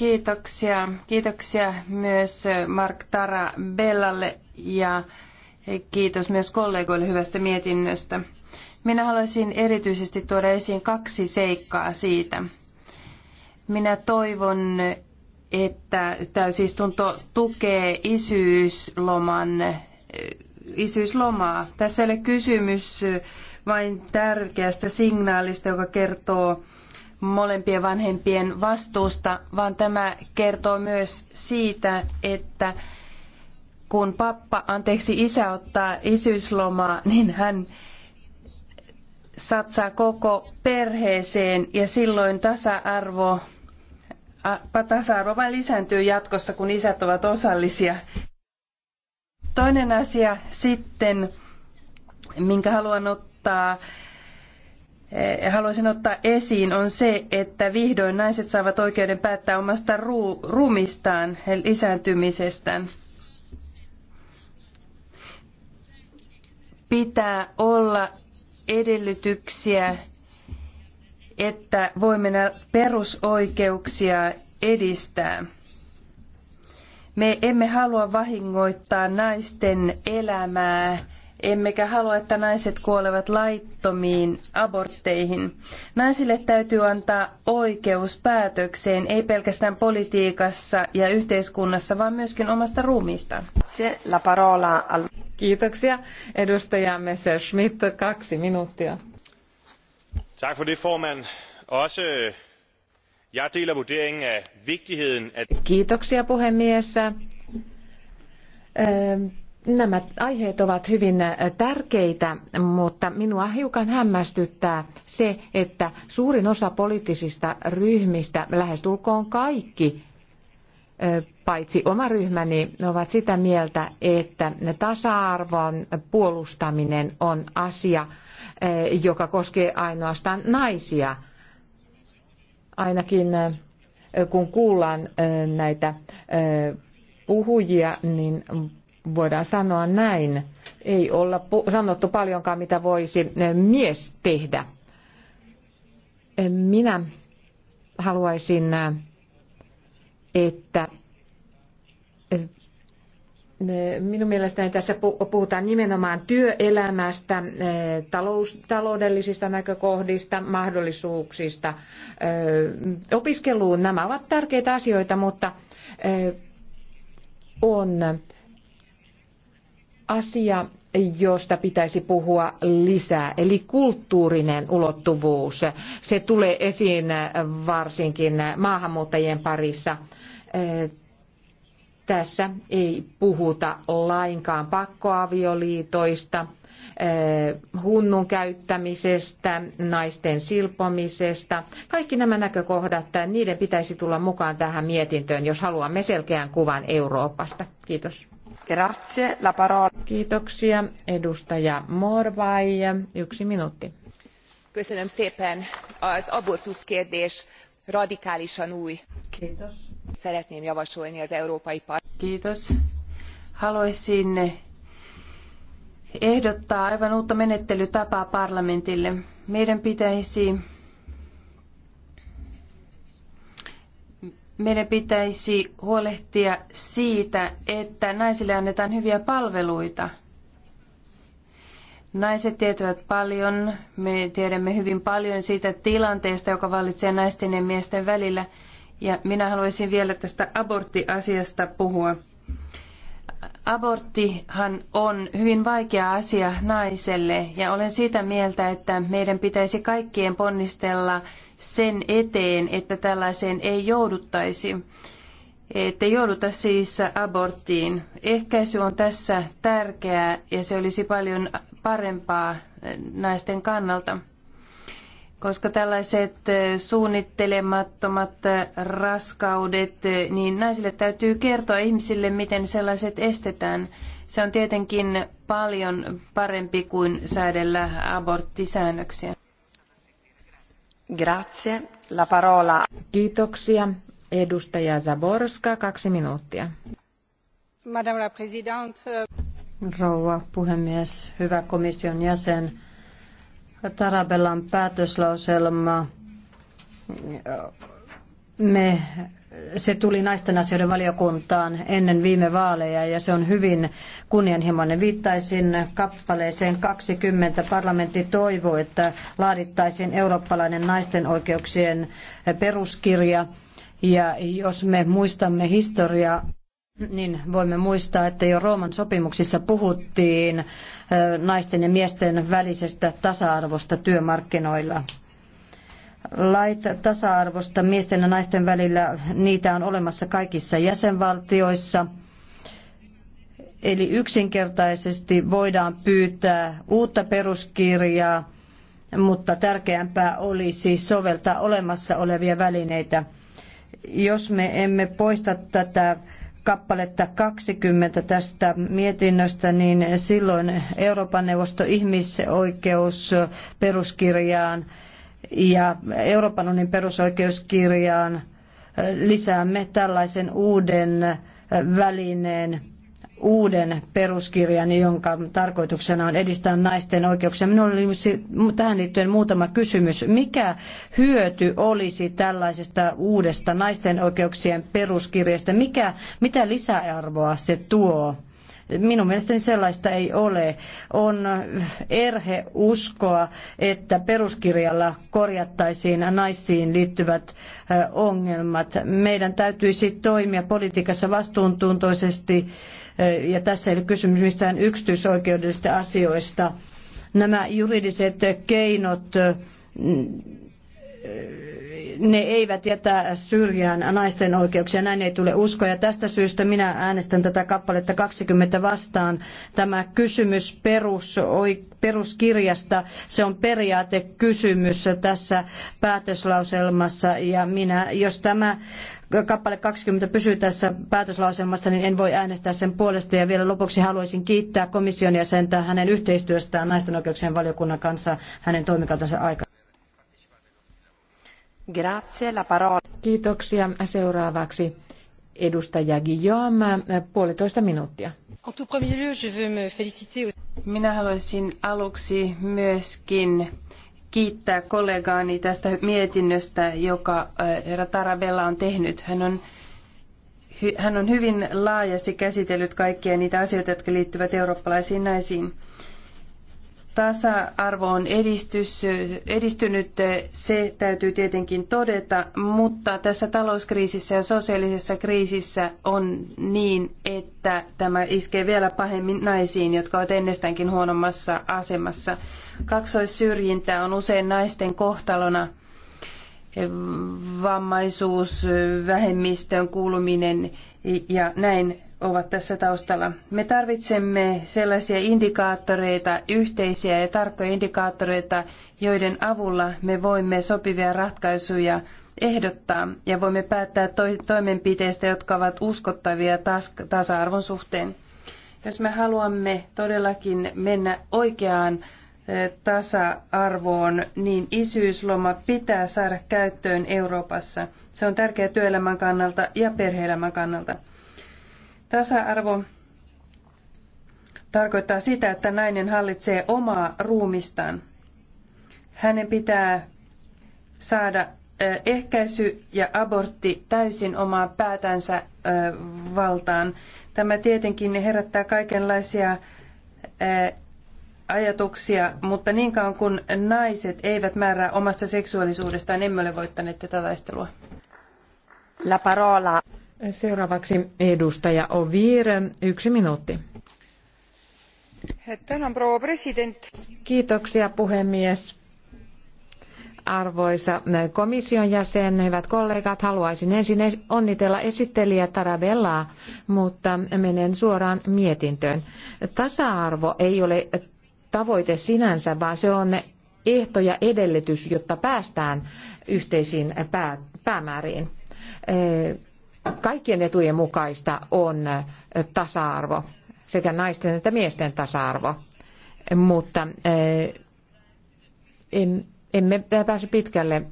Kiitoksia. Kiitoksia myös Mark Tara Bellalle ja kiitos myös kollegoille hyvästä mietinnöstä. Minä haluaisin erityisesti tuoda esiin kaksi seikkaa siitä. Minä toivon, että täysistunto tukee isyysloman, isyyslomaa. Tässä ei ole kysymys vain tärkeästä signaalista, joka kertoo molempien vanhempien vastuusta, vaan tämä kertoo myös siitä, että kun pappa, anteeksi isä ottaa isyyslomaa, niin hän satsaa koko perheeseen ja silloin tasa-arvo tasa-arvo vain lisääntyy jatkossa, kun isät ovat osallisia. Toinen asia sitten, minkä haluan ottaa Eh, haluaisin ottaa esiin, on se, että vihdoin naiset saavat oikeuden päättää omasta ruu- ruumistaan, lisääntymisestään. Pitää olla edellytyksiä, että voimme perusoikeuksia edistää. Me emme halua vahingoittaa naisten elämää emmekä halua, että naiset kuolevat laittomiin abortteihin. Naisille täytyy antaa oikeus päätökseen, ei pelkästään politiikassa ja yhteiskunnassa, vaan myöskin omasta ruumista. Se La parola al... Kiitoksia. Edustaja Messerschmidt, kaksi minuuttia. Tak for det, formand. Også jeg deler vurderingen af vigtigheden af... Kiitoksia, puhemies ehm, Nämä aiheet ovat hyvin äh, tärkeitä, mutta minua hiukan hämmästyttää se, että suurin osa poliittisista ryhmistä, lähestulkoon kaikki, äh, paitsi oma ryhmäni, ovat sitä mieltä, että tasa-arvon puolustaminen on asia, äh, joka koskee ainoastaan naisia. Ainakin kun kuullaan näitä puhujia, niin voidaan sanoa näin, ei olla sanottu paljonkaan, mitä voisi eh, mies tehdä. Eh, minä haluaisin, eh, että Minun mielestäni tässä puhutaan nimenomaan työelämästä, talous, taloudellisista näkökohdista, mahdollisuuksista, opiskeluun. Nämä ovat tärkeitä asioita, mutta on asia, josta pitäisi puhua lisää, eli kulttuurinen ulottuvuus. Se tulee esiin varsinkin maahanmuuttajien parissa. Tässä ei puhuta lainkaan pakkoavioliitoista, hunnun käyttämisestä, naisten silpomisesta. Kaikki nämä näkökohdat, niiden pitäisi tulla mukaan tähän mietintöön, jos haluamme selkeän kuvan Euroopasta. Kiitos. Grazie, la parola. Kiitoksia. Edustaja Morvai, yksi minuutti. Köszönöm szépen. Az abortusz kérdés radikálisan új. Kiitos. Szeretném javasolni az Európai Parlament. Kiitos. Haluaisin ehdottaa aivan uutta menettelytapaa parlamentille. Meidän pitäisi meidän pitäisi huolehtia siitä, että naisille annetaan hyviä palveluita. Naiset tietävät paljon, me tiedämme hyvin paljon siitä tilanteesta, joka vallitsee naisten ja miesten välillä. Ja minä haluaisin vielä tästä aborttiasiasta puhua. Aborttihan on hyvin vaikea asia naiselle ja olen sitä mieltä, että meidän pitäisi kaikkien ponnistella sen eteen, että tällaiseen ei jouduttaisi että jouduta siis aborttiin. Ehkäisy on tässä tärkeää ja se olisi paljon parempaa eh, naisten kannalta, koska tällaiset eh, suunnittelemattomat eh, raskaudet, niin naisille täytyy kertoa ihmisille, miten sellaiset estetään. Se on tietenkin paljon parempi kuin säädellä aborttisäännöksiä. Grazie. La parola. Kiitoksia. Edustaja Zaborska, kaksi minuuttia. Madame la Présidente. Euh, Rouva puhemies, hyvä komission jäsen. Tarabellan päätöslauselma. Me se tuli naisten asioiden valiokuntaan ennen viime vaaleja ja se on hyvin kunnianhimoinen. Viittaisin kappaleeseen 20. Parlamentti toivoo, että laadittaisiin eurooppalainen naisten oikeuksien peruskirja. Ja jos me muistamme historiaa, niin voimme muistaa, että jo Rooman sopimuksissa puhuttiin naisten ja miesten välisestä tasa-arvosta työmarkkinoilla. Lait tasa-arvosta miesten ja naisten välillä, niitä on olemassa kaikissa jäsenvaltioissa. Eli yksinkertaisesti voidaan pyytää uutta peruskirjaa, mutta tärkeämpää olisi soveltaa olemassa olevia välineitä. Jos me emme poista tätä kappaletta 20 tästä mietinnöstä, niin silloin Euroopan neuvosto ihmisoikeusperuskirjaan peruskirjaan ja Euroopan unionin perusoikeuskirjaan lisäämme tällaisen uuden välineen uuden peruskirjan, jonka tarkoituksena on edistää naisten oikeuksia. Minulla olisi tähän liittyen muutama kysymys. Mikä hyöty olisi tällaisesta uudesta naisten oikeuksien peruskirjasta? Mikä, mitä lisäarvoa se tuo? Minun mielestäni sellaista ei ole. On erhe uskoa, että peruskirjalla korjattaisiin naisiin liittyvät ongelmat. Meidän täytyisi toimia politiikassa vastuuntuntoisesti ja tässä ei ole kysymys mistään yksityisoikeudellisista asioista. Nämä juridiset keinot ne eivät jätä syrjään naisten oikeuksia, näin ei tule uskoa. Ja tästä syystä minä äänestän tätä kappaletta 20 vastaan. Tämä kysymys perus, peruskirjasta, se on periaatekysymys tässä päätöslauselmassa. Ja minä, jos tämä kappale 20 pysyy tässä päätöslauselmassa, niin en voi äänestää sen puolesta. Ja vielä lopuksi haluaisin kiittää komission jäsentä hänen yhteistyöstään naisten oikeuksien valiokunnan kanssa hänen toimikautensa aikana. Grazie, la parola. Kiitoksia. Seuraavaksi edustaja Guillaume, puolitoista minuuttia. Minä haluaisin aluksi myöskin kiittää kollegaani tästä mietinnöstä, joka äh, herra Tarabella on tehnyt. Hän on, hän on hyvin laajasti käsitellyt kaikkia niitä asioita, jotka liittyvät eurooppalaisiin naisiin tasa-arvo on edistys, edistynyt, se täytyy tietenkin todeta, mutta tässä talouskriisissä ja sosiaalisessa kriisissä on niin, että tämä iskee vielä pahemmin naisiin, jotka ovat ennestäänkin huonommassa asemassa. Kaksoissyrjintä on usein naisten kohtalona. Vammaisuus, vähemmistöön kuuluminen ja näin ovat tässä taustalla. Me tarvitsemme sellaisia indikaattoreita, yhteisiä ja tarkkoja indikaattoreita, joiden avulla me voimme sopivia ratkaisuja ehdottaa ja voimme päättää toimenpiteistä, jotka ovat uskottavia tasa-arvon suhteen. Jos me haluamme todellakin mennä oikeaan tasa-arvoon, niin isyysloma pitää saada käyttöön Euroopassa. Se on tärkeä työelämän kannalta ja perheelämän kannalta. Tasa-arvo tarkoittaa sitä, että nainen hallitsee omaa ruumistaan. Hänen pitää saada ehkäisy ja abortti täysin omaa päätänsä valtaan. Tämä tietenkin herättää kaikenlaisia ajatuksia, mutta niin kauan kuin naiset eivät määrää omasta seksuaalisuudestaan, emme ole voittaneet tätä taistelua. La parola. Seuraavaksi edustaja Ovir, yksi minuutti. Tänään president. Kiitoksia puhemies. Arvoisa komission jäsen, hyvät kollegat, haluaisin ensin onnitella esittelijä Tarabellaa, mutta menen suoraan mietintöön. Tasa-arvo ei ole tavoite sinänsä, vaan se on ehto ja edellytys, jotta päästään yhteisiin pää päämääriin kaikkien etujen mukaista on tasa-arvo, sekä naisten että miesten tasa-arvo. Mutta eh, emme pääse pitkälle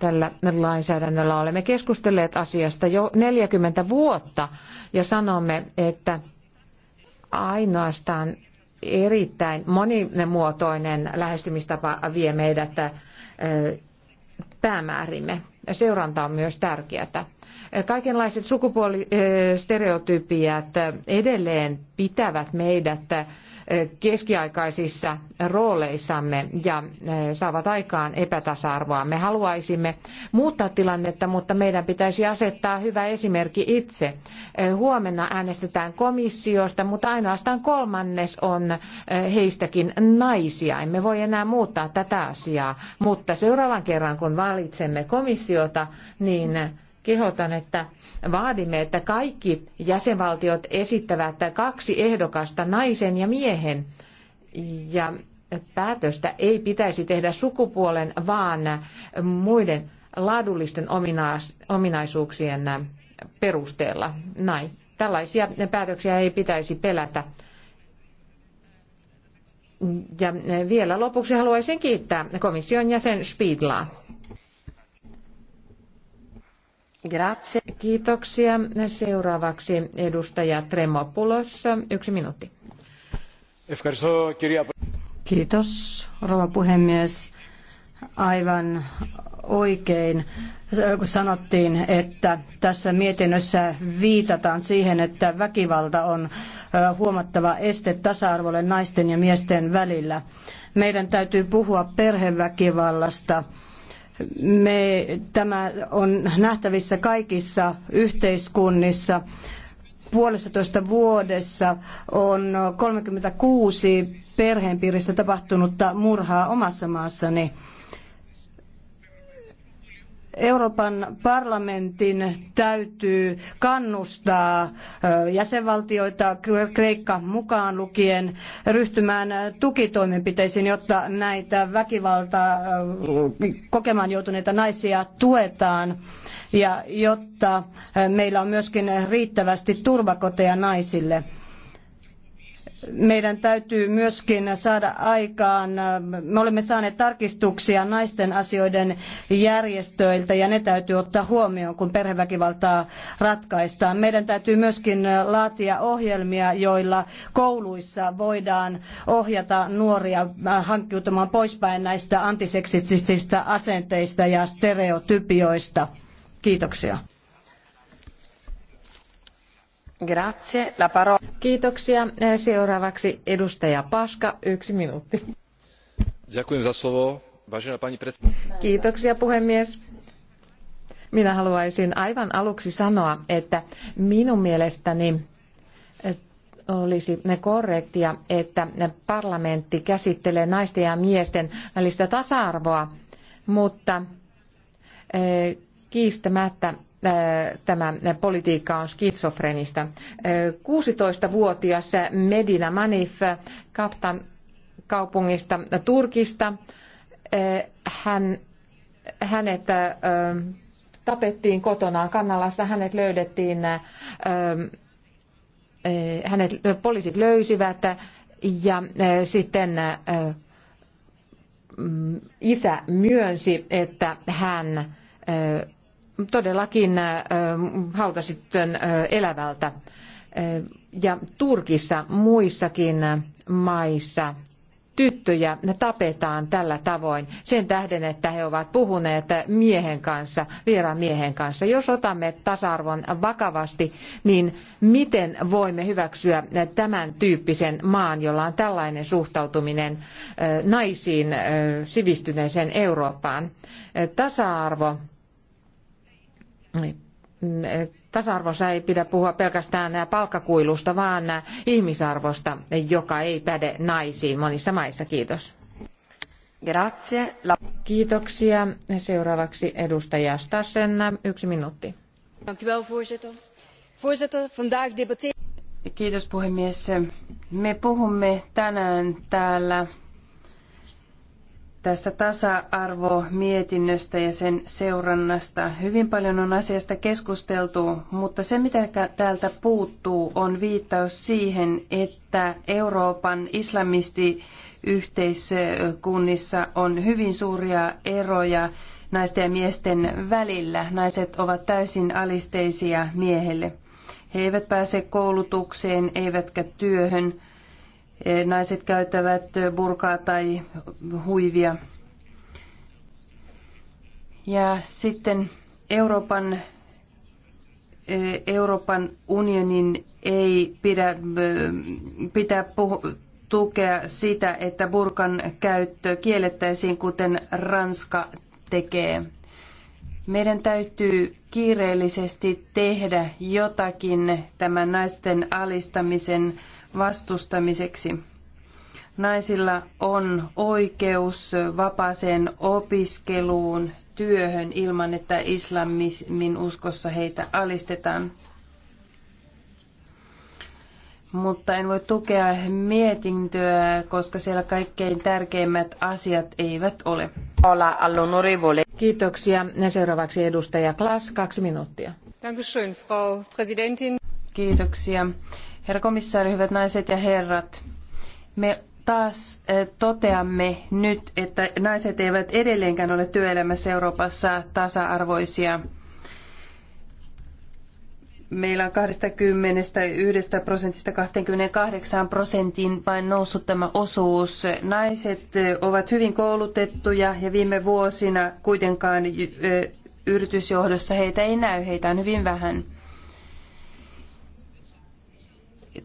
tällä lainsäädännöllä. Olemme keskustelleet asiasta jo 40 vuotta ja sanomme, että ainoastaan erittäin monimuotoinen lähestymistapa vie meidät eh, päämäärimme seuranta on myös tärkeää. Kaikenlaiset sukupuolistereotypiat edelleen pitävät meidät keskiaikaisissa rooleissamme ja eh, saavat aikaan epätasa-arvoa. Me haluaisimme muuttaa tilannetta, mutta meidän pitäisi asettaa hyvä esimerkki itse. Eh, huomenna äänestetään komissiosta, mutta ainoastaan kolmannes on eh, heistäkin naisia. Emme voi enää muuttaa tätä asiaa, mutta seuraavan kerran kun valitsemme komissiota, niin kehotan, että vaadimme, että kaikki jäsenvaltiot esittävät kaksi ehdokasta, naisen ja miehen. Ja päätöstä ei pitäisi tehdä sukupuolen, vaan muiden laadullisten ominaisuuksien perusteella. Näin. Tällaisia päätöksiä ei pitäisi pelätä. Ja vielä lopuksi haluaisin kiittää komission jäsen Spiedlaa. Grazie. Kiitoksia. Seuraavaksi edustaja Tremopulos. Yksi minuutti. Kiitos, rouva puhemies. Aivan oikein sanottiin, että tässä mietinnössä viitataan siihen, että väkivalta on huomattava este tasa-arvolle naisten ja miesten välillä. Meidän täytyy puhua perheväkivallasta me, tämä on nähtävissä kaikissa yhteiskunnissa puolestatoista vuodessa on 36 perheen piirissä tapahtunutta murhaa omassa maassani. Euroopan parlamentin täytyy kannustaa jäsenvaltioita, Kreikka mukaan lukien, ryhtymään tukitoimenpiteisiin, jotta näitä väkivaltaa kokemaan joutuneita naisia tuetaan ja jotta meillä on myöskin riittävästi turvakoteja naisille meidän täytyy myöskin saada aikaan, me olemme saaneet tarkistuksia naisten asioiden järjestöiltä ja ne täytyy ottaa huomioon, kun perheväkivaltaa ratkaistaan. Meidän täytyy myöskin laatia ohjelmia, joilla kouluissa voidaan ohjata nuoria hankkiutumaan poispäin näistä antiseksistisistä asenteista ja stereotypioista. Kiitoksia. Kiitoksia. Seuraavaksi edustaja Paska, yksi minuutti. Kiitoksia puhemies. Minä haluaisin aivan aluksi sanoa, että minun mielestäni eh, olisi korrektia, että parlamentti käsittelee naisten ja miesten välistä tasa-arvoa, mutta eh, kiistämättä tämä politiikka on skitsofrenista. 16-vuotias Medina Manif Kaptan kaupungista Turkista, hän, hänet tapettiin kotonaan Kannalassa, hänet löydettiin, hänet poliisit löysivät ja sitten mm, isä myönsi, että hän todellakin hautasityön elävältä. Ja Turkissa muissakin maissa tyttöjä tapetaan tällä tavoin sen tähden, että he ovat puhuneet miehen kanssa, vieraan miehen kanssa. Jos otamme tasa-arvon vakavasti, niin miten voimme hyväksyä tämän tyyppisen maan, jolla on tällainen suhtautuminen naisiin sivistyneeseen Eurooppaan? Tasa-arvo niin. Mm, eh, tasa-arvossa ei pidä puhua pelkästään palkkakuilusta, vaan ihmisarvosta, joka ei päde naisiin monissa maissa. Kiitos. Grazie. Kiitoksia. Seuraavaksi edustaja Stassen, yksi minuutti. Kiitos puhemies. Me puhumme tänään täällä tästä tasa-arvomietinnöstä ja sen seurannasta. Hyvin paljon on asiasta keskusteltu, mutta se mitä täältä puuttuu on viittaus siihen, että Euroopan islamistiyhteiskunnissa on hyvin suuria eroja naisten ja miesten välillä. Naiset ovat täysin alisteisia miehelle. He eivät pääse koulutukseen eivätkä työhön Eh, naiset käyttävät burkaa tai huivia. Ja sitten Euroopan, eh, Euroopan unionin ei pidä, eh, pitää puhu, tukea sitä, että burkan käyttö kiellettäisiin, kuten Ranska tekee. Meidän täytyy kiireellisesti tehdä jotakin tämän naisten alistamisen vastustamiseksi. Naisilla on oikeus vapaaseen opiskeluun, työhön ilman, että islamismin uskossa heitä alistetaan. Mutta en voi tukea mietintöä, koska siellä kaikkein tärkeimmät asiat eivät ole. Kiitoksia. Ja seuraavaksi edustaja Klas, kaksi minuuttia. Dankeschön, Frau Präsidentin. Kiitoksia Herra komissaari, hyvät naiset ja herrat, me taas eh, toteamme nyt, että naiset eivät edelleenkään ole työelämässä Euroopassa tasa-arvoisia. Meillä on 21 prosentista 28 prosenttiin vain noussut tämä osuus. Naiset eh, ovat hyvin koulutettuja ja viime vuosina kuitenkaan eh, yritysjohdossa heitä ei näy, heitä on hyvin vähän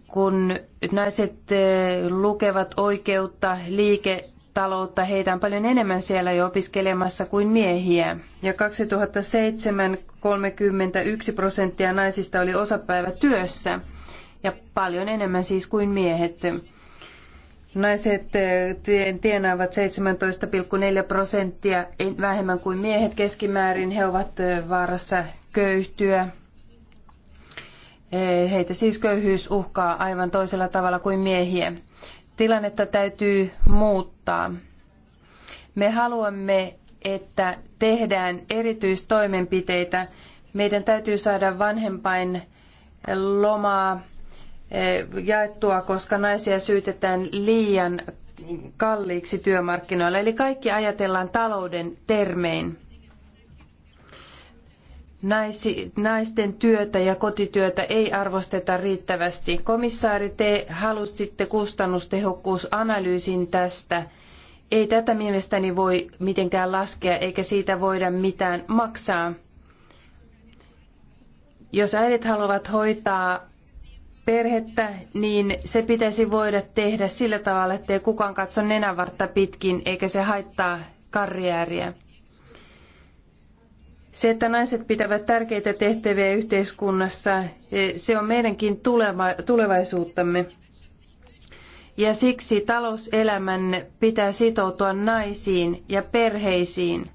kun naiset eh, lukevat oikeutta, liiketaloutta, heitä on paljon enemmän siellä jo opiskelemassa kuin miehiä. Ja 2007 31 prosenttia naisista oli osapäivätyössä ja paljon enemmän siis kuin miehet. Naiset eh, tienaavat 17,4 prosenttia vähemmän kuin miehet keskimäärin. He ovat eh, vaarassa köyhtyä Eh, heitä siis köyhyys uhkaa aivan toisella tavalla kuin miehiä. Tilannetta täytyy muuttaa. Me haluamme, että tehdään erityistoimenpiteitä. Meidän täytyy saada vanhempain lomaa eh, jaettua, koska naisia syytetään liian kalliiksi työmarkkinoilla. Eli kaikki ajatellaan talouden termein naisi, naisten työtä ja kotityötä ei arvosteta riittävästi. Komissaari, te halusitte kustannustehokkuusanalyysin tästä. Ei tätä mielestäni voi mitenkään laskea eikä siitä voida mitään maksaa. Jos äidit haluavat hoitaa perhettä, niin se pitäisi voida tehdä sillä tavalla, ettei kukaan katso nenävartta pitkin eikä se haittaa karjääriä. Se, että naiset pitävät tärkeitä tehtäviä yhteiskunnassa, eh, se on meidänkin tuleva, tulevaisuuttamme. Ja siksi talouselämän pitää sitoutua naisiin ja perheisiin.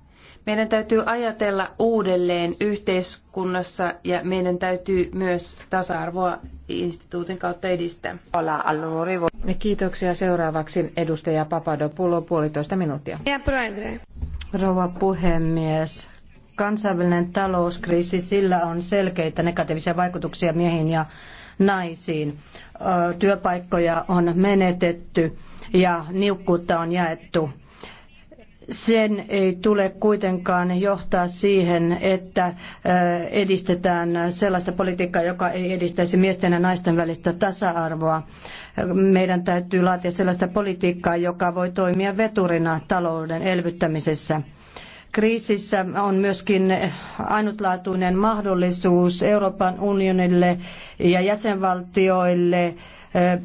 Meidän täytyy ajatella uudelleen yhteiskunnassa ja meidän täytyy myös tasa-arvoa instituutin kautta edistää. Kiitoksia. Seuraavaksi edustaja Papadopulo puolitoista minuuttia. Rouva puhemies, kansainvälinen talouskriisi, sillä on selkeitä negatiivisia vaikutuksia miehiin ja naisiin. Työpaikkoja on menetetty ja niukkuutta on jaettu sen ei tule kuitenkaan johtaa siihen, että edistetään sellaista politiikkaa, joka ei edistäisi miesten ja naisten välistä tasa-arvoa. Meidän täytyy laatia sellaista politiikkaa, joka voi toimia veturina talouden elvyttämisessä. Kriisissä on myöskin ainutlaatuinen mahdollisuus Euroopan unionille ja jäsenvaltioille eh,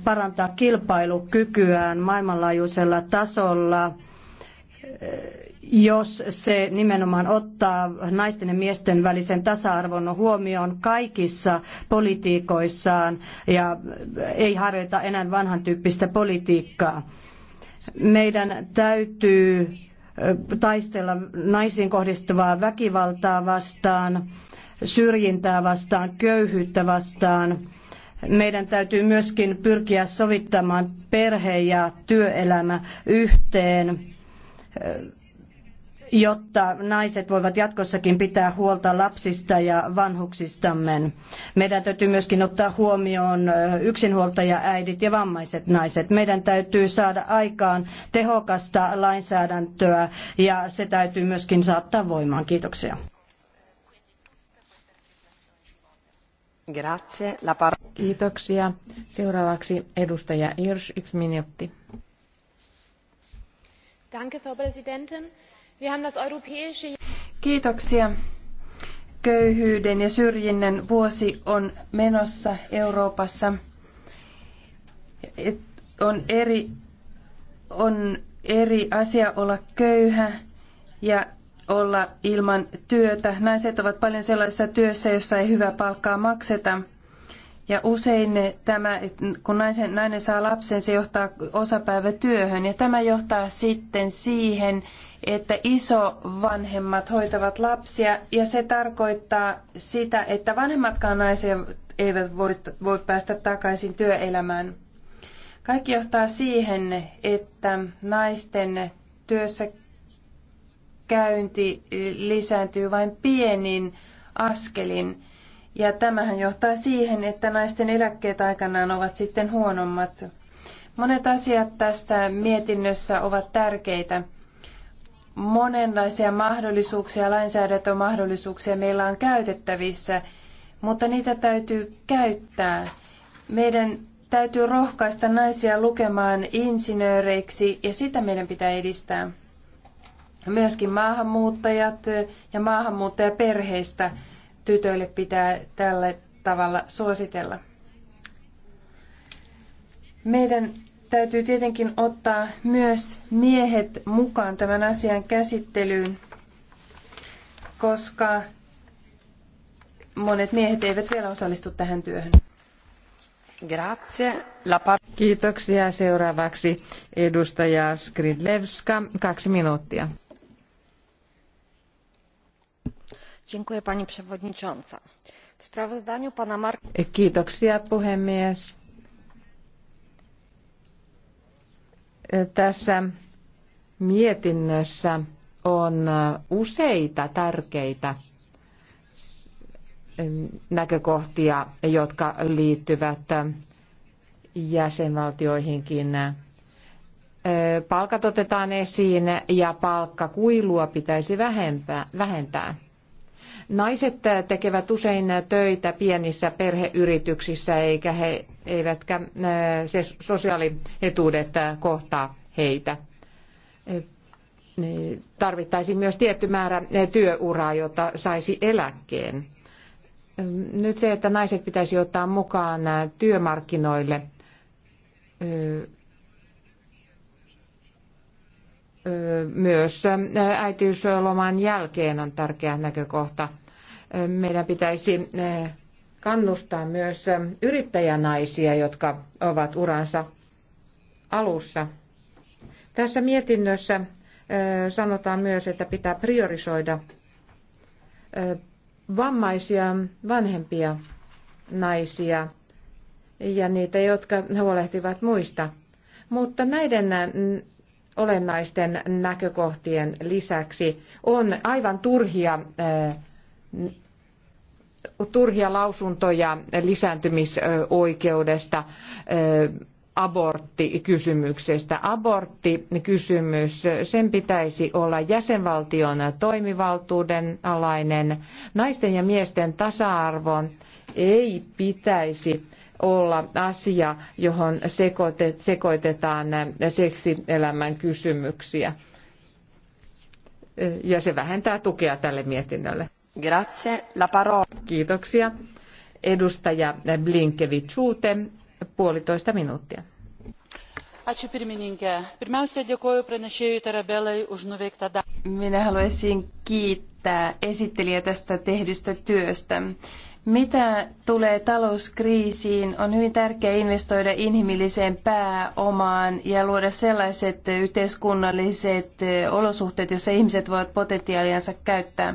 parantaa kilpailukykyään maailmanlaajuisella tasolla eh, jos se nimenomaan ottaa naisten ja miesten välisen tasa-arvon huomioon kaikissa politiikoissaan ja ei harjoita enää vanhan tyyppistä politiikkaa. Meidän täytyy taistella naisiin kohdistuvaa väkivaltaa vastaan, syrjintää vastaan, köyhyyttä vastaan. Meidän täytyy myöskin pyrkiä sovittamaan perhe ja työelämä yhteen jotta naiset voivat jatkossakin pitää huolta lapsista ja vanhuksistamme. Meidän täytyy myöskin ottaa huomioon yksinhuoltajaäidit ja vammaiset naiset. Meidän täytyy saada aikaan tehokasta lainsäädäntöä ja se täytyy myöskin saattaa voimaan. Kiitoksia. Kiitoksia. Seuraavaksi edustaja Irsch, yksi minuutti. Danke, Frau Präsidentin. Kiitoksia. Köyhyyden ja syrjinnän vuosi on menossa Euroopassa. On eri, on eri asia olla köyhä ja olla ilman työtä. Naiset ovat paljon sellaisessa työssä, jossa ei hyvää palkkaa makseta. Ja usein tämä, kun naisen, nainen saa lapsen, se johtaa osapäivätyöhön ja tämä johtaa sitten siihen, että isovanhemmat hoitavat lapsia ja se tarkoittaa sitä, että vanhemmatkaan naiset eivät voi, voi päästä takaisin työelämään. Kaikki johtaa siihen, että naisten työssä käynti lisääntyy vain pienin askelin. Ja tämähän johtaa siihen, että naisten eläkkeet aikanaan ovat sitten huonommat. Monet asiat tästä mietinnössä ovat tärkeitä monenlaisia mahdollisuuksia, lainsäädäntömahdollisuuksia meillä on käytettävissä, mutta niitä täytyy käyttää. Meidän täytyy rohkaista naisia lukemaan insinööreiksi ja sitä meidän pitää edistää. Myöskin maahanmuuttajat ja maahanmuuttajaperheistä tytöille pitää tällä tavalla suositella. Meidän täytyy tietenkin ottaa myös miehet mukaan tämän asian käsittelyyn, koska monet miehet eivät vielä osallistu tähän työhön. Grazie. La par- Kiitoksia. Seuraavaksi edustaja Skridlevska, kaksi minuuttia. Dziękuję pani przewodnicząca. W sprawozdaniu pana Mark... Kiitoksia puhemies Tässä mietinnössä on useita tärkeitä näkökohtia, jotka liittyvät jäsenvaltioihinkin. Palkat otetaan esiin ja palkkakuilua pitäisi vähentää. Naiset tekevät usein töitä pienissä perheyrityksissä, eikä he, eivätkä se sosiaalietuudet kohtaa heitä. E, Tarvittaisiin myös tietty määrä työuraa, jotta saisi eläkkeen. E, nyt se, että naiset pitäisi ottaa mukaan työmarkkinoille, myös äitiysloman jälkeen on tärkeä näkökohta. Meidän pitäisi kannustaa myös yrittäjänaisia, jotka ovat uransa alussa. Tässä mietinnössä sanotaan myös, että pitää priorisoida vammaisia vanhempia naisia ja niitä, jotka huolehtivat muista. Mutta näiden olennaisten näkökohtien lisäksi on aivan turhia, äh, turhia lausuntoja lisääntymisoikeudesta äh, aborttikysymyksestä. Aborttikysymys, sen pitäisi olla jäsenvaltion toimivaltuuden alainen. Naisten ja miesten tasa-arvon ei pitäisi olla asia, johon sekoitetaan seksielämän kysymyksiä. Ja se vähentää tukea tälle mietinnölle. Grazie. La parola. Kiitoksia. Edustaja Blinkevichute, puolitoista minuuttia. Ačiū pirmininkė. Pirmiausia, dėkoju pranešėjui Tarabelai už nuveiktą darbą. Minä haluaisin kiittää esittelijä tästä tehdystä työstä. Mitä tulee talouskriisiin, on hyvin tärkeää investoida inhimilliseen pääomaan ja luoda sellaiset yhteiskunnalliset olosuhteet, joissa ihmiset voivat potentiaaliansa käyttää.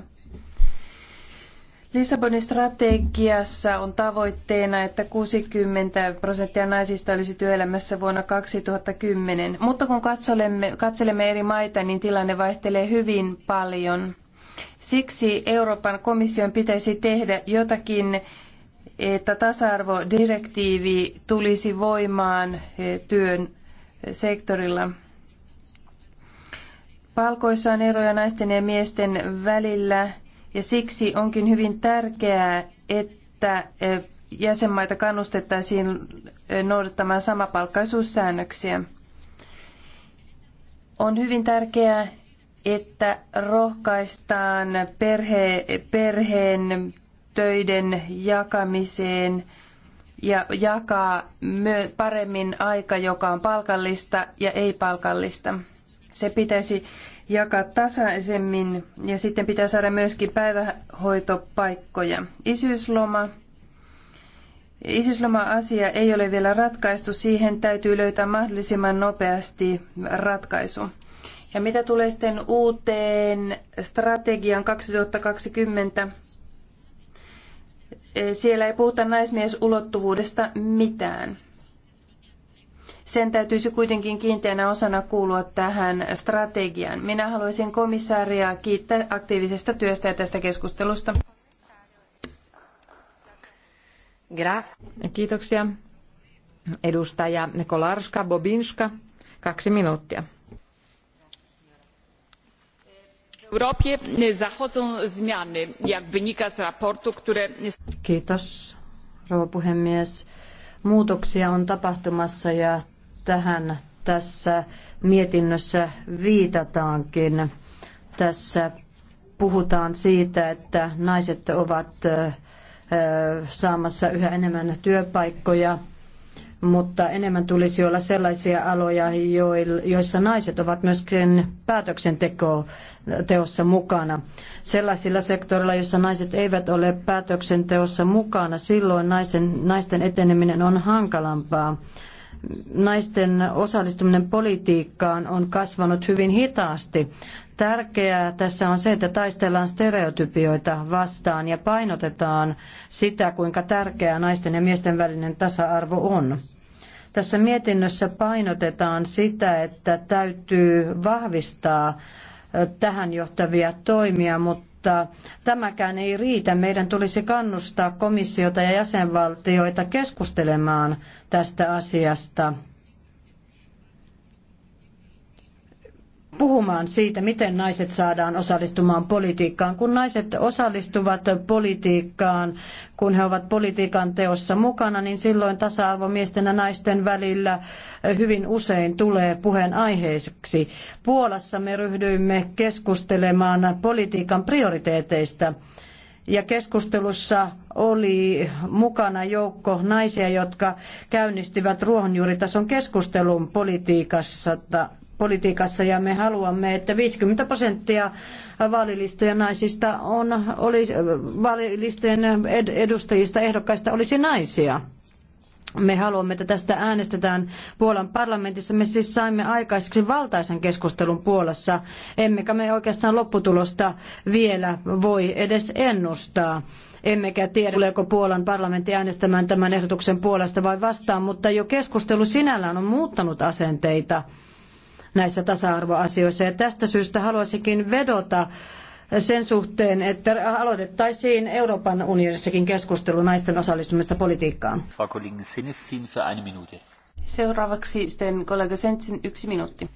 Lissabonin strategiassa on tavoitteena, että 60 prosenttia naisista olisi työelämässä vuonna 2010. Mutta kun katselemme, katselemme eri maita, niin tilanne vaihtelee hyvin paljon – Siksi Euroopan komission pitäisi tehdä jotakin, että tasa-arvodirektiivi tulisi voimaan eh, työn eh, sektorilla. Palkoissa on eroja naisten ja miesten välillä ja siksi onkin hyvin tärkeää, että eh, jäsenmaita kannustettaisiin noudattamaan samapalkkaisuussäännöksiä. On hyvin tärkeää, että rohkaistaan perhe, perheen töiden jakamiseen ja jakaa paremmin aika, joka on palkallista ja ei-palkallista. Se pitäisi jakaa tasaisemmin ja sitten pitää saada myöskin päivähoitopaikkoja. Isyysloma. Isyysloma-asia ei ole vielä ratkaistu. Siihen täytyy löytää mahdollisimman nopeasti ratkaisu. Ja mitä tulee sitten uuteen strategian 2020, eh, siellä ei puhuta naismiesulottuvuudesta mitään. Sen täytyisi kuitenkin kiinteänä osana kuulua tähän strategiaan. Minä haluaisin komissaaria kiittää aktiivisesta työstä ja tästä keskustelusta. Kiitoksia. Edustaja Kolarska Bobinska, kaksi minuuttia. Europie e, zachodzą zmiany, jak wynika z raportu, które... Kiitos, rouva puhemies. Muutoksia on tapahtumassa ja tähän tässä mietinnössä viitataankin. Tässä puhutaan siitä, että naiset ovat e, e, saamassa yhä enemmän työpaikkoja – mutta enemmän tulisi olla sellaisia aloja, joissa naiset ovat myöskin päätöksenteossa mukana. Sellaisilla sektoreilla, joissa naiset eivät ole päätöksenteossa mukana, silloin naisen, naisten eteneminen on hankalampaa. Naisten osallistuminen politiikkaan on kasvanut hyvin hitaasti. Tärkeää tässä on se, että taistellaan stereotypioita vastaan ja painotetaan sitä, kuinka tärkeää naisten ja miesten välinen tasa-arvo on. Tässä mietinnössä painotetaan sitä, että täytyy vahvistaa tähän johtavia toimia, mutta tämäkään ei riitä. Meidän tulisi kannustaa komissiota ja jäsenvaltioita keskustelemaan tästä asiasta puhumaan siitä, miten naiset saadaan osallistumaan politiikkaan. Kun naiset osallistuvat politiikkaan, kun he ovat politiikan teossa mukana, niin silloin tasa-arvo miesten ja naisten välillä hyvin usein tulee puheenaiheeksi. Puolassa me ryhdyimme keskustelemaan politiikan prioriteeteista ja keskustelussa oli mukana joukko naisia, jotka käynnistivät ruohonjuuritason keskustelun politiikasta politiikassa ja me haluamme, että 50 prosenttia vaalilistojen naisista on, oli, vaalilistojen edustajista ehdokkaista olisi naisia. Me haluamme, että tästä äänestetään Puolan parlamentissa. Me siis saimme aikaiseksi valtaisen keskustelun Puolassa, emmekä me oikeastaan lopputulosta vielä voi edes ennustaa. Emmekä tiedä, tuleeko Puolan parlamentti äänestämään tämän ehdotuksen puolesta vai vastaan, mutta jo keskustelu sinällään on muuttanut asenteita näissä tasa-arvoasioissa. Ja tästä syystä haluaisinkin vedota sen suhteen, että aloitettaisiin Euroopan unionissakin keskustelu naisten osallistumista politiikkaan. Seuraavaksi sitten kollega Sentsin yksi minuutti.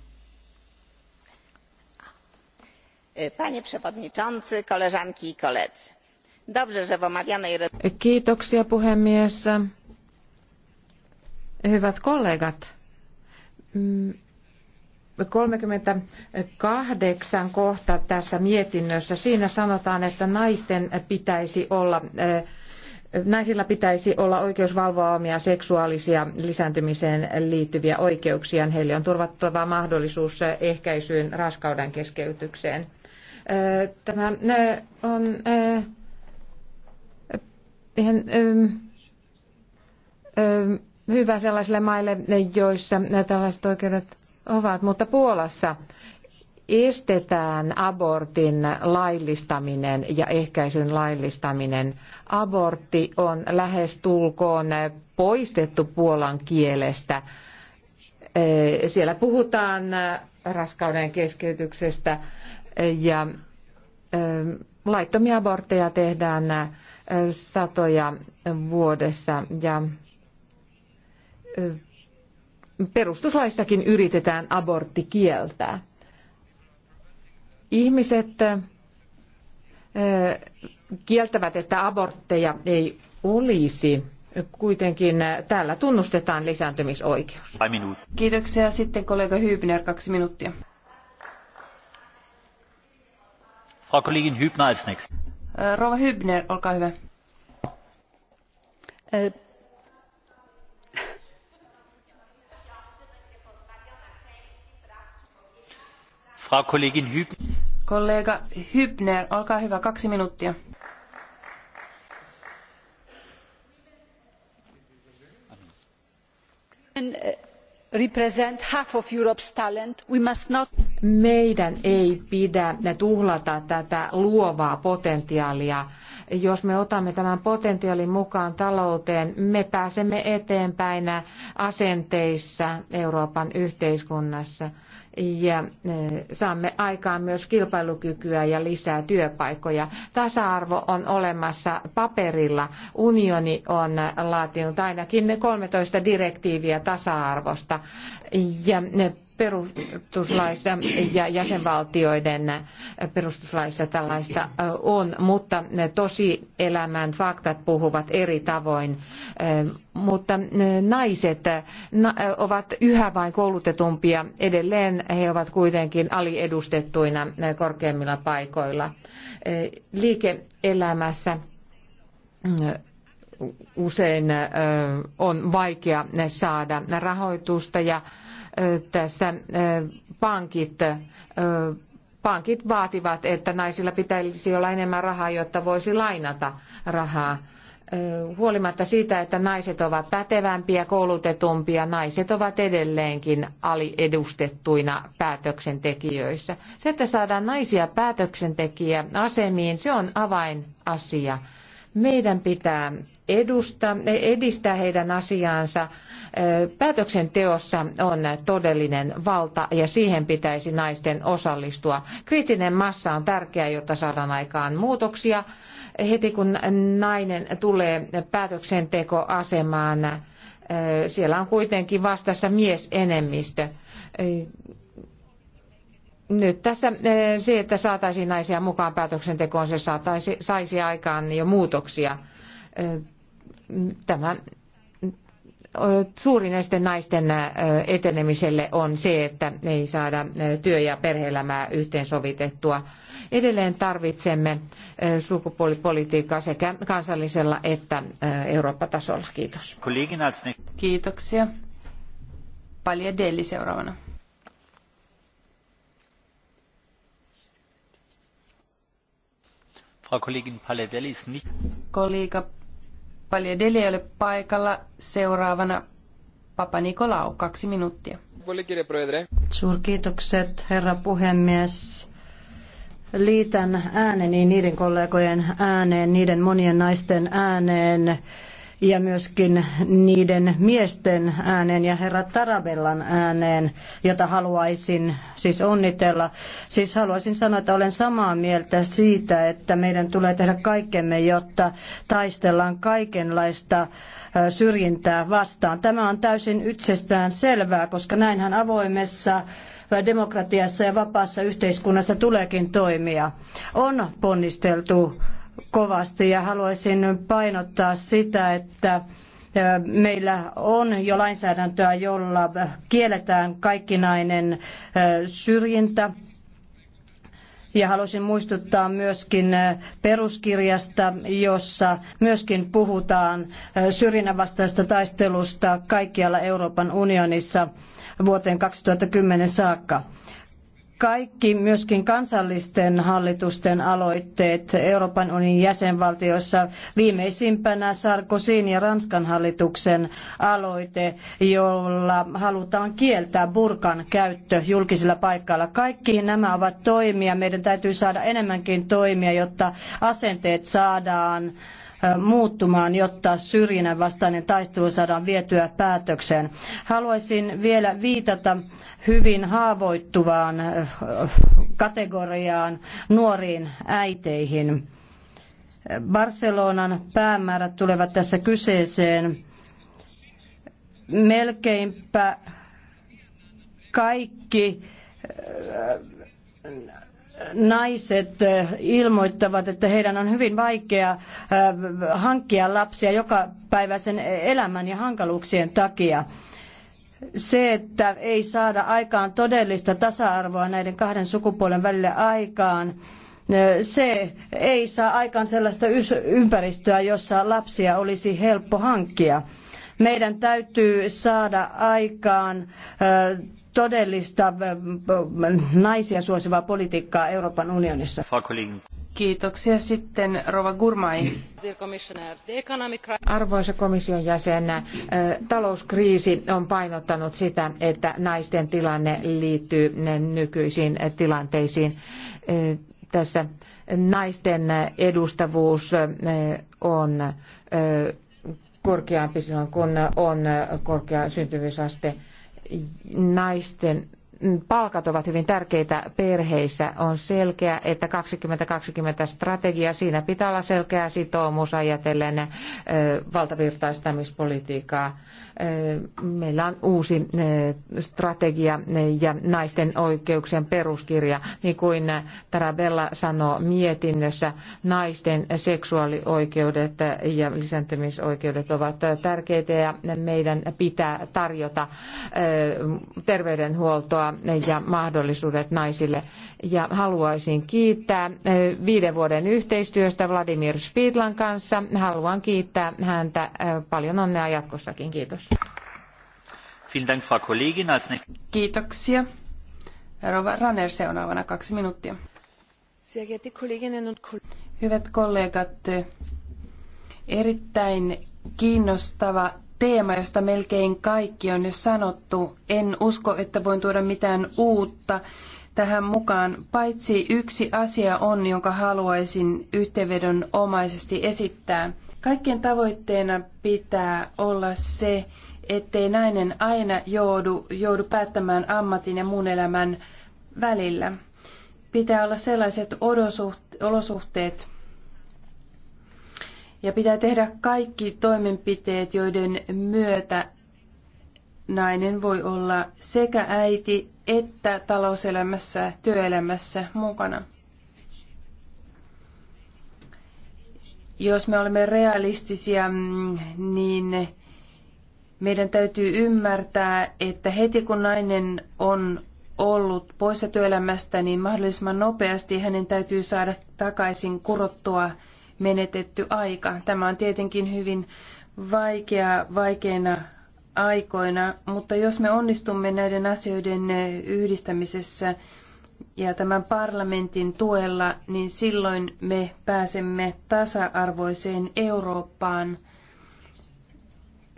Panie przewodniczący, koleżanki i koledzy. Dobrze, że w omawianej... Kiitoksia puhemies. Hyvät kollegat. Mm, 38 kohta tässä mietinnössä. Siinä sanotaan, että naisten pitäisi olla eh, Naisilla pitäisi olla oikeus valvoa omia seksuaalisia lisääntymiseen liittyviä oikeuksiaan. Heille on turvattava mahdollisuus ehkäisyyn raskauden keskeytykseen. Eh, tämä eh, on hyvä sellaisille maille, joissa tällaiset oikeudet ovat, mutta Puolassa estetään abortin laillistaminen ja ehkäisyn laillistaminen. Abortti on lähestulkoon poistettu puolan kielestä. Eh, siellä puhutaan eh, raskauden keskeytyksestä eh, ja laittomia abortteja tehdään satoja vuodessa ja perustuslaissakin yritetään abortti kieltää. Ihmiset kieltävät, että abortteja ei olisi. Kuitenkin täällä tunnustetaan lisääntymisoikeus. Kiitoksia. Sitten kollega Hybner, kaksi minuuttia. Frau Kollegin Hübner als nächstes. Rova Hübner, olkaa hyvä. Frau Kollegin Hübner. Kollega Hübner, olkaa hyvä, kaksi minuuttia. Uh, represent half of Europe's talent, we must not meidän ei pidä tuhlata tätä luovaa potentiaalia. Jos me otamme tämän potentiaalin mukaan talouteen, me pääsemme eteenpäin asenteissa Euroopan yhteiskunnassa ja e, saamme aikaan myös kilpailukykyä ja lisää työpaikkoja. Tasa-arvo on olemassa paperilla. Unioni on laatinut ainakin 13 direktiiviä tasa-arvosta ja e, perustuslaissa ja jäsenvaltioiden perustuslaissa tällaista on, mutta tosi elämän faktat puhuvat eri tavoin. Mutta naiset ovat yhä vain koulutetumpia edelleen, he ovat kuitenkin aliedustettuina korkeimmilla paikoilla. Liike-elämässä usein on vaikea saada rahoitusta ja tässä pankit pankit vaativat, että naisilla pitäisi olla enemmän rahaa, jotta voisi lainata rahaa. Huolimatta siitä, että naiset ovat pätevämpiä, koulutetumpia, naiset ovat edelleenkin aliedustettuina päätöksentekijöissä. Se, että saadaan naisia päätöksentekijä asemiin, se on avainasia. Meidän pitää edusta, edistää heidän asiaansa. Päätöksenteossa on todellinen valta ja siihen pitäisi naisten osallistua. Kriittinen massa on tärkeää, jotta saadaan aikaan muutoksia. Heti kun nainen tulee päätöksentekoasemaan, siellä on kuitenkin vastassa miesenemmistö nyt tässä se, että saataisiin naisia mukaan päätöksentekoon, se saataisi, saisi aikaan jo muutoksia. Tämä suurin este naisten etenemiselle on se, että ei saada työ- ja perhe-elämää yhteensovitettua. Edelleen tarvitsemme sukupuolipolitiikkaa sekä kansallisella että Eurooppa-tasolla. Kiitos. Kiitoksia. Palja Delli seuraavana. Frau Kollegin Paladelli, ist nicht... Kollega Palje Deli ei ole paikalla. Seuraavana Papa Nikolau, kaksi minuuttia. Suurkiitokset, herra puhemies. Liitän ääneni niiden kollegojen ääneen, niiden monien naisten ääneen, ja myöskin niiden miesten ääneen ja herra Tarabellan ääneen, jota haluaisin siis onnitella. Siis haluaisin sanoa, että olen samaa mieltä siitä, että meidän tulee tehdä kaikkemme, jotta taistellaan kaikenlaista syrjintää vastaan. Tämä on täysin itsestään selvää, koska näinhän avoimessa demokratiassa ja vapaassa yhteiskunnassa tuleekin toimia. On ponnisteltu kovasti ja haluaisin painottaa sitä, että meillä on jo lainsäädäntöä, jolla kielletään kaikkinainen syrjintä. Ja haluaisin muistuttaa myöskin peruskirjasta, jossa myöskin puhutaan syrjinnän taistelusta kaikkialla Euroopan unionissa vuoteen 2010 saakka kaikki myöskin kansallisten hallitusten aloitteet Euroopan unionin jäsenvaltioissa, viimeisimpänä Sarkozyn ja Ranskan hallituksen aloite, jolla halutaan kieltää burkan käyttö julkisilla paikoilla. Kaikki nämä ovat toimia. Meidän täytyy saada enemmänkin toimia, jotta asenteet saadaan muuttumaan, jotta syrjinnän vastainen taistelu saadaan vietyä päätökseen. Haluaisin vielä viitata hyvin haavoittuvaan kategoriaan nuoriin äiteihin. Barcelonan päämäärät tulevat tässä kyseeseen. Melkeinpä kaikki naiset eh, ilmoittavat, että heidän on hyvin vaikea eh, hankkia lapsia jokapäiväisen elämän ja hankaluuksien takia. Se, että ei saada aikaan todellista tasa-arvoa näiden kahden sukupuolen välillä aikaan, eh, se ei saa aikaan sellaista ympäristöä, jossa lapsia olisi helppo hankkia meidän täytyy saada aikaan todellista naisia suosivaa politiikkaa Euroopan unionissa. Kiitoksia sitten Rova Gurmai. Arvoisa komission jäsen, talouskriisi on painottanut sitä, että naisten tilanne liittyy nykyisiin tilanteisiin. Tässä naisten edustavuus on korkeampi silloin, kun on korkea syntyvyysaste naisten palkat ovat hyvin tärkeitä perheissä. On selkeä, että 2020 strategia, siinä pitää olla selkeä sitoumus ajatellen valtavirtaistamispolitiikkaa. Meillä on uusi strategia ja naisten oikeuksien peruskirja, niin kuin Tarabella sanoo mietinnössä, naisten seksuaalioikeudet ja lisääntymisoikeudet ovat tärkeitä ja meidän pitää tarjota terveydenhuoltoa ja mahdollisuudet naisille. Ja haluaisin kiittää eh, viiden vuoden yhteistyöstä Vladimir Spiitlan kanssa. Haluan kiittää häntä. Eh, paljon onnea jatkossakin. Kiitos. Kiitoksia. Rova Ranner seuraavana kaksi minuuttia. Hyvät kollegat, erittäin kiinnostava teema, josta melkein kaikki on jo sanottu. En usko, että voin tuoda mitään uutta tähän mukaan, paitsi yksi asia on, jonka haluaisin yhteenvedonomaisesti esittää. Kaikkien tavoitteena pitää olla se, ettei nainen aina joudu, joudu päättämään ammatin ja muun elämän välillä. Pitää olla sellaiset olosuhteet, ja pitää tehdä kaikki toimenpiteet, joiden myötä nainen voi olla sekä äiti että talouselämässä, työelämässä mukana. Jos me olemme realistisia, niin meidän täytyy ymmärtää, että heti kun nainen on ollut poissa työelämästä, niin mahdollisimman nopeasti hänen täytyy saada takaisin kurottua menetetty aika. Tämä on tietenkin hyvin vaikeaa vaikeina aikoina, mutta jos me onnistumme näiden asioiden yhdistämisessä ja tämän parlamentin tuella, niin silloin me pääsemme tasa-arvoiseen Eurooppaan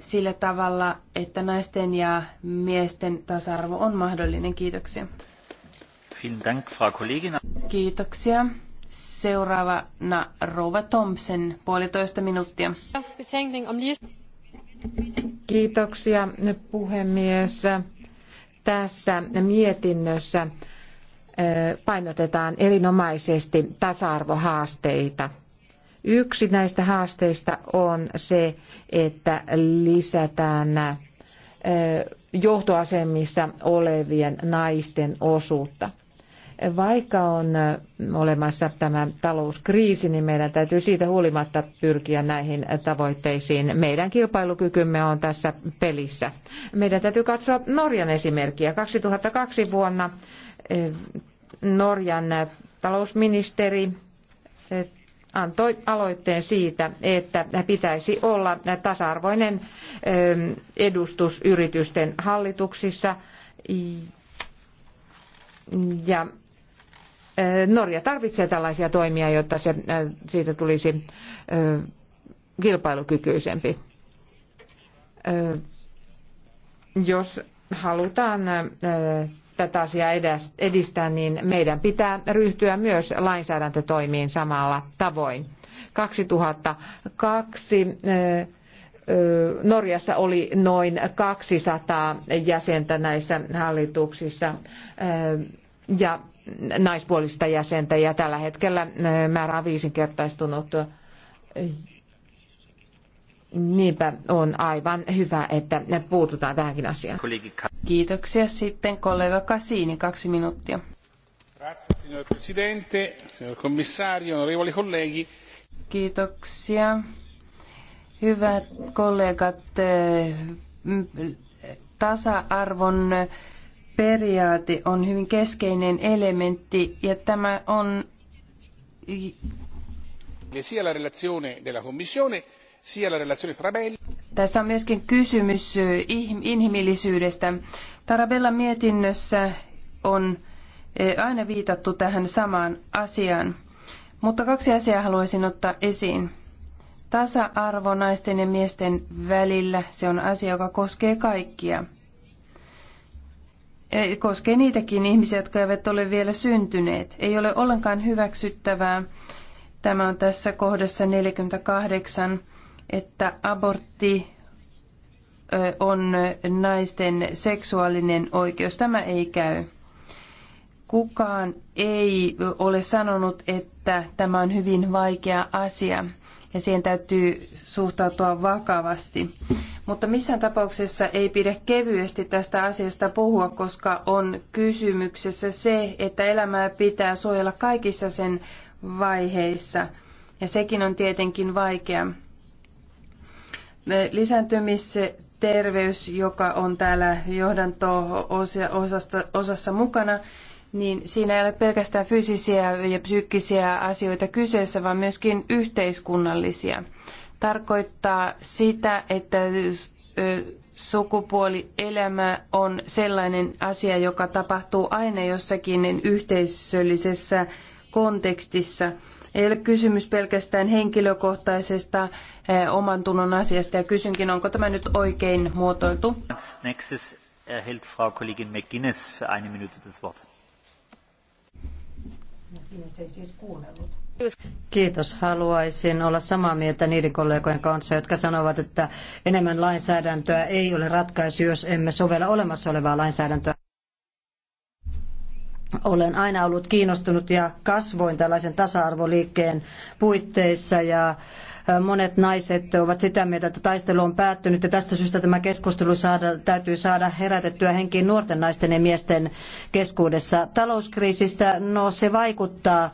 sillä tavalla, että naisten ja miesten tasa-arvo on mahdollinen. Kiitoksia. Kiitoksia. Seuraavana Rova Thompson, puolitoista minuuttia. Kiitoksia puhemies. Tässä mietinnössä painotetaan erinomaisesti tasa-arvohaasteita. Yksi näistä haasteista on se, että lisätään johtoasemissa olevien naisten osuutta. Vaikka on olemassa tämä talouskriisi, niin meidän täytyy siitä huolimatta pyrkiä näihin tavoitteisiin. Meidän kilpailukykymme on tässä pelissä. Meidän täytyy katsoa Norjan esimerkkiä. 2002 vuonna Norjan talousministeri antoi aloitteen siitä, että pitäisi olla tasa-arvoinen edustus yritysten hallituksissa ja Norja tarvitsee tällaisia toimia, jotta se, siitä tulisi kilpailukykyisempi. Jos halutaan tätä asiaa edistää, niin meidän pitää ryhtyä myös lainsäädäntötoimiin samalla tavoin. 2002 Norjassa oli noin 200 jäsentä näissä hallituksissa ja naispuolista jäsentä ja tällä hetkellä äh, määrä on viisinkertaistunut. Niinpä on aivan hyvä, että puututaan tähänkin asiaan. Kiitoksia. Sitten kollega Kasini, kaksi minuuttia. Presidente, Kiitoksia. Hyvät kollegat, äh, tasa-arvon periaate on hyvin keskeinen elementti ja tämä on niin Tässä on myöskin kysymys inhimillisyydestä. Tarabella mietinnössä on aina viitattu tähän samaan asiaan. Mutta kaksi asiaa haluaisin ottaa esiin. Tasa-arvo naisten ja miesten välillä, se on asia, joka koskee kaikkia koskee niitäkin ihmisiä, jotka eivät ole vielä syntyneet. Ei ole ollenkaan hyväksyttävää, tämä on tässä kohdassa 48, että abortti on naisten seksuaalinen oikeus. Tämä ei käy. Kukaan ei ole sanonut, että tämä on hyvin vaikea asia ja siihen täytyy suhtautua vakavasti. Mutta missään tapauksessa ei pidä kevyesti tästä asiasta puhua, koska on kysymyksessä se, että elämää pitää suojella kaikissa sen vaiheissa. Ja sekin on tietenkin vaikea. Lisääntymisterveys, joka on täällä johdanto-osassa mukana, niin siinä ei ole pelkästään fyysisiä ja psyykkisiä asioita kyseessä, vaan myöskin yhteiskunnallisia. Tarkoittaa sitä, että sukupuolielämä on sellainen asia, joka tapahtuu aina jossakin yhteisöllisessä kontekstissa. Ei ole kysymys pelkästään henkilökohtaisesta oman tunnon asiasta ja kysynkin, onko tämä nyt oikein muotoiltu. Nächstes erhält Frau Kollegin McGuinness für eine Minute das Wort. Siis Kiitos. Haluaisin olla samaa mieltä niiden kollegojen kanssa, jotka sanovat, että enemmän lainsäädäntöä ei ole ratkaisu, jos emme sovella olemassa olevaa lainsäädäntöä. Olen aina ollut kiinnostunut ja kasvoin tällaisen tasa-arvoliikkeen puitteissa ja Monet naiset ovat sitä mieltä, että taistelu on päättynyt ja tästä syystä tämä keskustelu saada, täytyy saada herätettyä henkiin nuorten naisten ja miesten keskuudessa. Talouskriisistä, no se vaikuttaa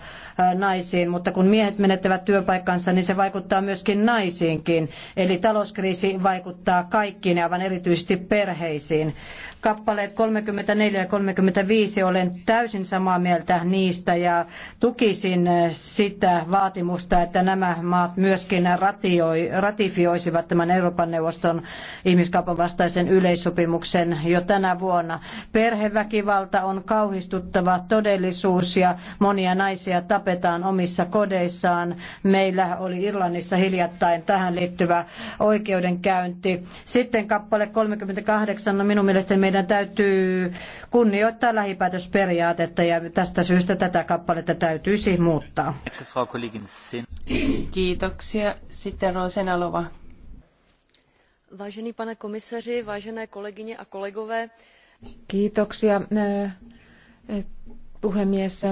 naisiin, mutta kun miehet menettävät työpaikkansa, niin se vaikuttaa myöskin naisiinkin. Eli talouskriisi vaikuttaa kaikkiin ja aivan erityisesti perheisiin. Kappaleet 34 ja 35 olen täysin samaa mieltä niistä ja tukisin sitä vaatimusta, että nämä maat myöskin ratioi, ratifioisivat tämän Euroopan neuvoston ihmiskaupan vastaisen yleissopimuksen jo tänä vuonna. Perheväkivalta on kauhistuttava todellisuus ja monia naisia tapahtuu tapetaan omissa kodeissaan. Meillä oli Irlannissa hiljattain tähän liittyvä oikeudenkäynti. Sitten kappale 38, no minun mielestäni meidän täytyy kunnioittaa lähipäätösperiaatetta ja tästä syystä tätä kappaletta täytyisi muuttaa. Kiitoksia. Sitten Rosenalova. Vážený pane komisaři, vážené kolegyně a kolegové. Kiitoksia eh, eh, puhemies.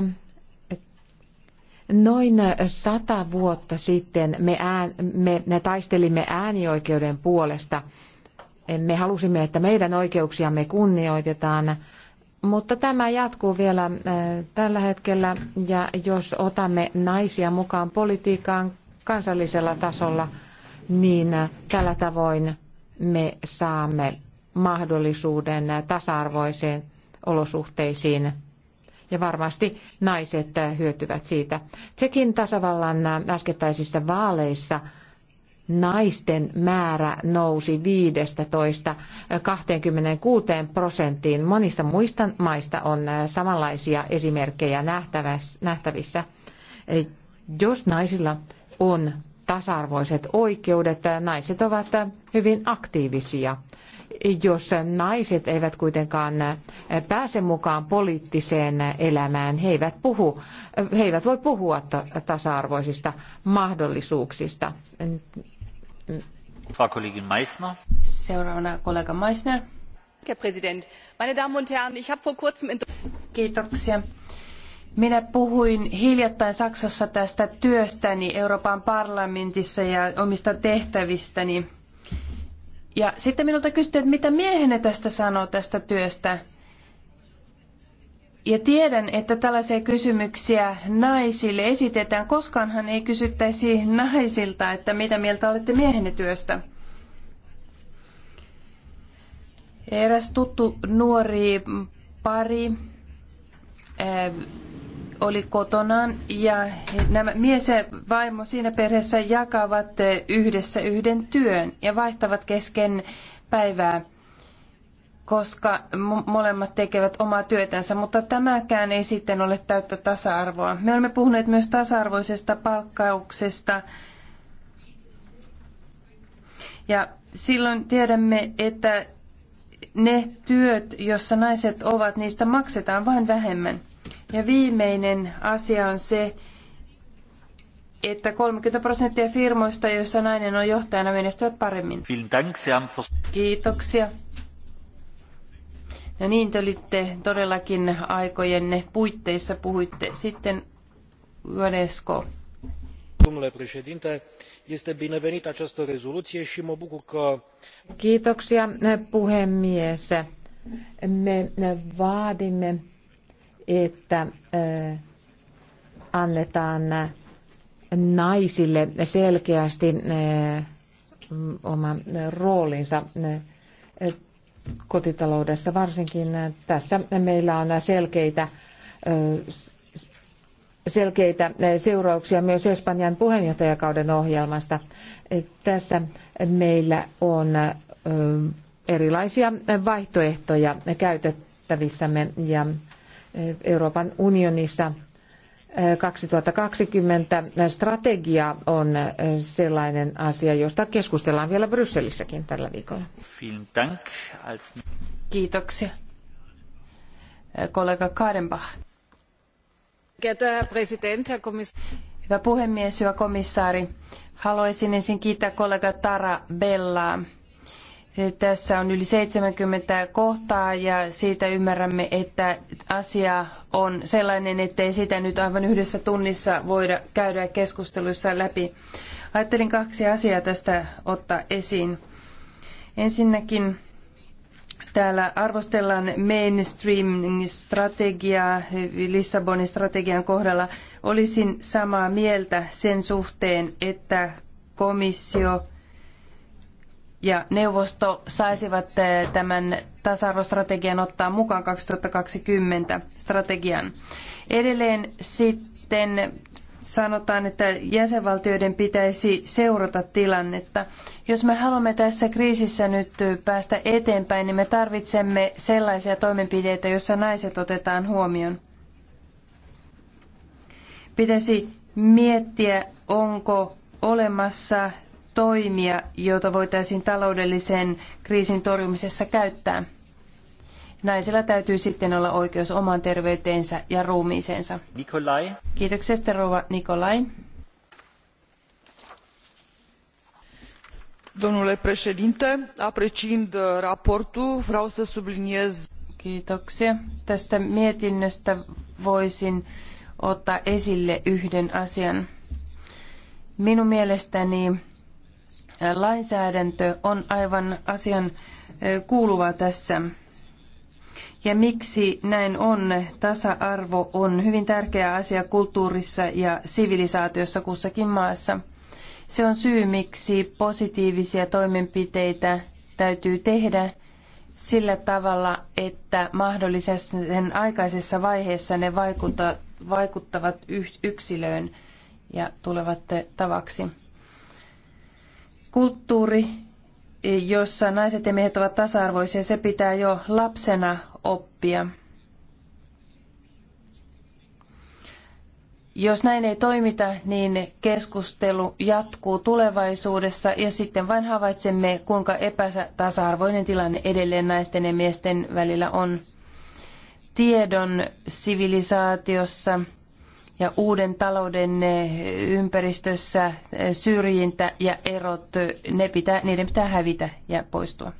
Noin sata vuotta sitten me, ään, me, me taistelimme äänioikeuden puolesta. Me halusimme, että meidän oikeuksiamme kunnioitetaan, mutta tämä jatkuu vielä äh, tällä hetkellä. Ja jos otamme naisia mukaan politiikkaan kansallisella tasolla, niin äh, tällä tavoin me saamme mahdollisuuden tasa-arvoisiin olosuhteisiin ja varmasti naiset hyötyvät siitä. Tsekin tasavallan äskettäisissä vaaleissa naisten määrä nousi 15-26 prosenttiin. Monissa muista maista on samanlaisia esimerkkejä nähtävissä. Jos naisilla on tasa-arvoiset oikeudet, naiset ovat hyvin aktiivisia jos naiset eivät kuitenkaan pääse mukaan poliittiseen elämään, he eivät, puhu, he eivät voi puhua tasa-arvoisista mahdollisuuksista. Frau Kollegin Meissner. Seuraavana kollega Meissner. Herr Präsident, meine Damen und Herren, ich habe vor kurzem in Kiitoksia. Minä puhuin hiljattain Saksassa tästä työstäni Euroopan parlamentissa ja omista tehtävistäni. Ja sitten minulta kysyttiin, että mitä miehenne tästä sanoo tästä työstä. Ja tiedän, että tällaisia kysymyksiä naisille esitetään. Koskaanhan ei kysyttäisi naisilta, että mitä mieltä olette miehenne työstä. Eräs tuttu nuori pari eh, oli kotonaan ja nämä mies ja vaimo siinä perheessä jakavat eh, yhdessä yhden työn ja vaihtavat kesken päivää, koska molemmat tekevät omaa työtänsä, mutta tämäkään ei sitten ole täyttä tasa-arvoa. Me olemme puhuneet myös tasa-arvoisesta palkkauksesta ja silloin tiedämme, että ne työt, jossa naiset ovat, niistä maksetaan vain vähemmän. Ja viimeinen asia on se, että 30 prosenttia firmoista, joissa nainen on johtajana, menestyvät paremmin. Kiitoksia. Ja no niin te olitte todellakin aikojenne puitteissa puhuitte. Sitten Vanesko. rezoluție și mă bucur că... Kiitoksia puhemies. Me vaadimme että annetaan naisille selkeästi oma roolinsa kotitaloudessa. Varsinkin tässä meillä on selkeitä, selkeitä seurauksia myös Espanjan puheenjohtajakauden ohjelmasta. Tässä meillä on erilaisia vaihtoehtoja käytettävissämme ja Euroopan unionissa 2020 strategia on sellainen asia, josta keskustellaan vielä Brysselissäkin tällä viikolla. Kiitoksia. Kollega Kadenbach. Hyvä puhemies, hyvä komissaari. Haluaisin ensin kiittää kollega Tara Bellaa tässä on yli 70 kohtaa ja siitä ymmärrämme, että asia on sellainen, ettei sitä nyt aivan yhdessä tunnissa voida käydä keskusteluissa läpi. Ajattelin kaksi asiaa tästä ottaa esiin. Ensinnäkin täällä arvostellaan mainstreaming-strategiaa Lissabonin strategian kohdalla. Olisin samaa mieltä sen suhteen, että komissio ja neuvosto saisivat eh, tämän tasa-arvostrategian ottaa mukaan 2020 strategian. Edelleen sitten sanotaan, että jäsenvaltioiden pitäisi seurata tilannetta. Jos me haluamme tässä kriisissä nyt päästä eteenpäin, niin me tarvitsemme sellaisia toimenpiteitä, joissa naiset otetaan huomioon. Pitäisi miettiä, onko olemassa toimia, joita voitaisiin taloudellisen kriisin torjumisessa käyttää. Naisella täytyy sitten olla oikeus omaan terveyteensä ja ruumiiseensa. Nikolai. Kiitoksesta rouva Nikolai. Domnule președinte, apreciind uh, raportul, vreau să subliniez... Kiitoksia. Tästä mietinnöstä voisin ottaa esille yhden asian. Minun mielestäni lainsäädäntö on aivan asian kuuluva tässä. Ja miksi näin on? Tasa-arvo on hyvin tärkeä asia kulttuurissa ja sivilisaatiossa kussakin maassa. Se on syy, miksi positiivisia toimenpiteitä täytyy tehdä sillä tavalla, että mahdollisen aikaisessa vaiheessa ne vaikuttavat yksilöön ja tulevat tavaksi. Kulttuuri, jossa naiset ja miehet ovat tasa-arvoisia, se pitää jo lapsena oppia. Jos näin ei toimita, niin keskustelu jatkuu tulevaisuudessa ja sitten vain havaitsemme, kuinka epätasa-arvoinen tilanne edelleen naisten ja miesten välillä on. Tiedon sivilisaatiossa ja uuden talouden eh, ympäristössä eh, syrjintä ja erot, eh, ne pitää, niiden pitää hävitä ja poistua.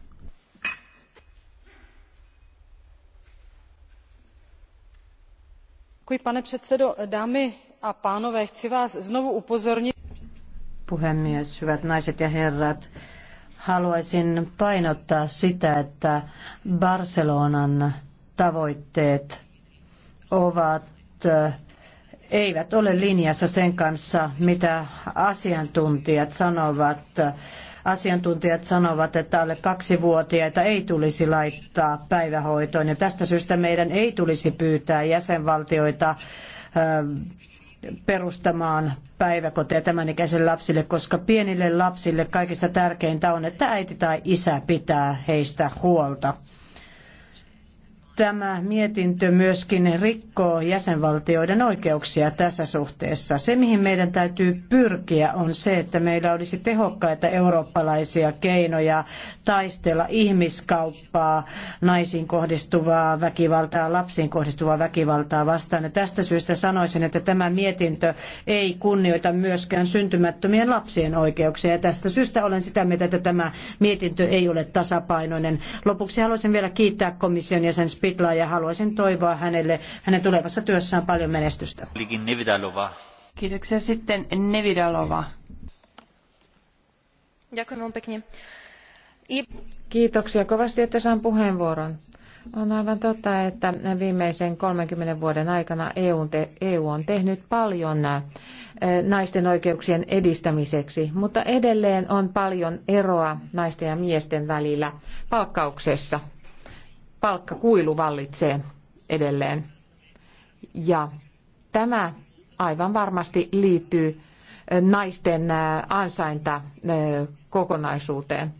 pane předsedo dámy a pánové chci vás znovu upozornit puhemies hyvät naiset ja herrat haluaisin painottaa sitä että barcelonan tavoitteet ovat eivät ole linjassa sen kanssa, mitä asiantuntijat sanovat. Asiantuntijat sanovat, että alle kaksi vuotiaita ei tulisi laittaa päivähoitoon ja tästä syystä meidän ei tulisi pyytää jäsenvaltioita perustamaan päiväkoteja tämänikäisille lapsille, koska pienille lapsille kaikista tärkeintä on, että äiti tai isä pitää heistä huolta tämä mietintö myöskin rikkoo jäsenvaltioiden oikeuksia tässä suhteessa. Se, mihin meidän täytyy pyrkiä, on se, että meillä olisi tehokkaita eurooppalaisia keinoja taistella ihmiskauppaa, naisiin kohdistuvaa väkivaltaa, lapsiin kohdistuvaa väkivaltaa vastaan. Ja tästä syystä sanoisin, että tämä mietintö ei kunnioita myöskään syntymättömien lapsien oikeuksia. Ja tästä syystä olen sitä mieltä, että tämä mietintö ei ole tasapainoinen. Lopuksi haluaisin vielä kiittää komission jäsen Spitz Stiglaa ja haluaisin toivoa hänelle hänen tulevassa työssään paljon menestystä. Kiitoksia sitten Nevidalova. Kiitoksia kovasti, että saan puheenvuoron. On aivan totta, että viimeisen 30 vuoden aikana EU e on tehnyt paljon naisten oikeuksien edistämiseksi, mutta edelleen on paljon eroa naisten ja miesten välillä palkkauksessa palkkakuilu vallitsee edelleen. Ja tämä aivan varmasti liittyy naisten ansainta kokonaisuuteen.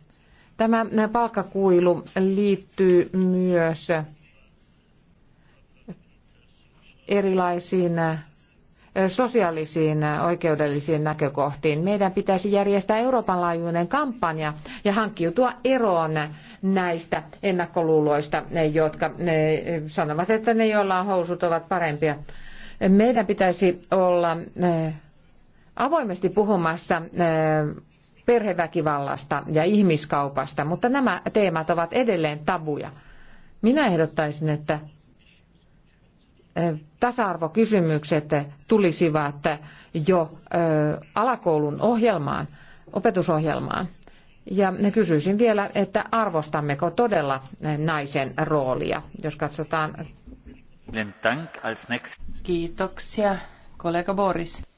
Tämä palkkakuilu liittyy myös erilaisiin sosiaalisiin oikeudellisiin näkökohtiin. Meidän pitäisi järjestää Euroopan laajuinen kampanja ja hankkiutua eroon näistä ennakkoluuloista, jotka sanovat, että ne, joilla on housut, ovat parempia. Meidän pitäisi olla avoimesti puhumassa perheväkivallasta ja ihmiskaupasta, mutta nämä teemat ovat edelleen tabuja. Minä ehdottaisin, että tasa-arvokysymykset tulisivat jo alakoulun ohjelmaan, opetusohjelmaan. Ja kysyisin vielä, että arvostammeko todella naisen roolia, jos katsotaan. Kiitoksia, kollega Boris.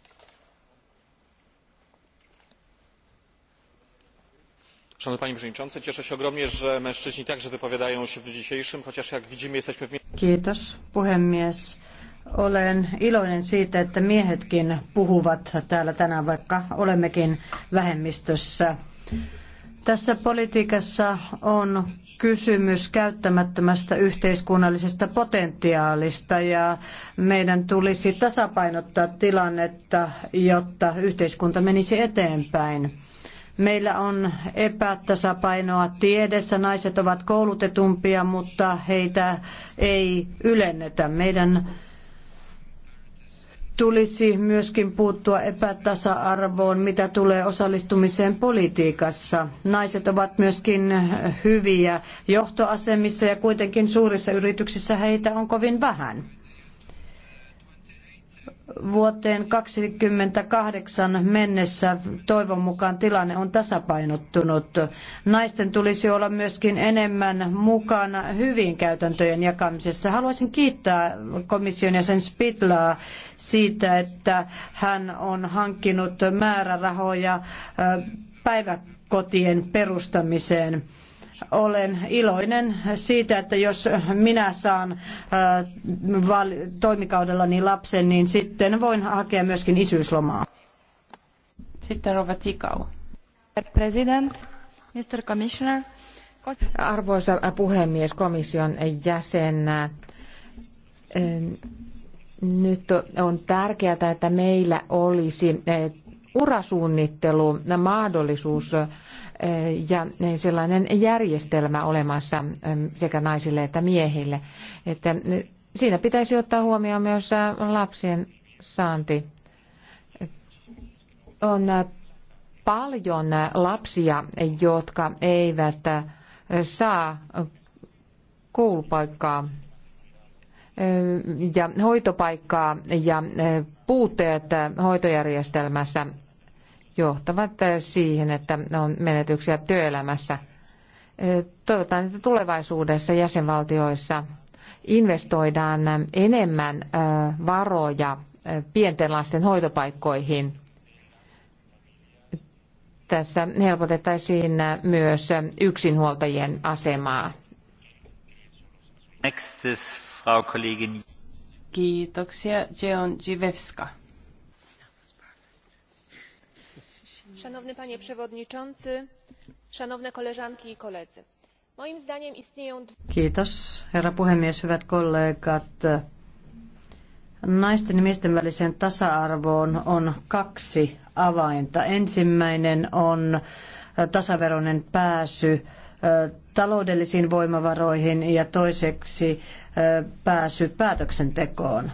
cieszę się ogromnie że mężczyźni także wypowiadają się w dniu dzisiejszym chociaż jak widzimy jesteśmy w. kiitos puhemies olen iloinen siitä että miehetkin puhuvat täällä tänään vaikka olemmekin vähemmistössä. Tässä politiikassa on kysymys käyttämättömästä yhteiskunnallisesta potentiaalista ja meidän tulisi tasapainottaa tilannetta, jotta yhteiskunta menisi eteenpäin Meillä on epätasapainoa tiedessä. Naiset ovat koulutetumpia, mutta heitä ei ylennetä. Meidän tulisi myöskin puuttua epätasa-arvoon, mitä tulee osallistumiseen politiikassa. Naiset ovat myöskin hyviä johtoasemissa ja kuitenkin suurissa yrityksissä heitä on kovin vähän vuoteen 2028 mennessä toivon mukaan tilanne on tasapainottunut. Naisten tulisi olla myöskin enemmän mukana hyvin käytäntöjen jakamisessa. Haluaisin kiittää komission jäsen Spitlaa siitä, että hän on hankkinut määrärahoja päiväkotien perustamiseen olen iloinen siitä, että jos minä saan äh, toimikaudellani lapsen, niin sitten voin hakea myöskin isyyslomaa. Sitten Rova Tikau. President, Mr. Commissioner. Arvoisa puhemies, komission jäsen, ähm, nyt on tärkeää, että meillä olisi äh, urasuunnittelu mahdollisuus ja e, sellainen järjestelmä olemassa sekä naisille että miehille. Että e, siinä pitäisi ottaa huomioon myös lapsien saanti. On paljon lapsia, jotka eivät saa koulupaikkaa ja hoitopaikkaa ja puutteet hoitojärjestelmässä johtavat eh, siihen, että on menetyksiä työelämässä. Eh, toivotaan, että tulevaisuudessa jäsenvaltioissa investoidaan eh, enemmän varoja pienten lasten hoitopaikkoihin. Tässä helpotettaisiin myös yksinhuoltajien asemaa. Next is Frau Kollegin. Kiitoksia, Jeon Jivevska. szanowny panie przewodniczący szanowne koleżanki i koledzy! moim zdaniem istnieją. kiitos herra puhemies hyvät kollegat naisten ja miesten väliseen tasa arvoon on kaksi avainta. ensimmäinen on äh, tasaveroinen pääsy äh, taloudellisiin voimavaroihin ja toiseksi äh, pääsy päätöksentekoon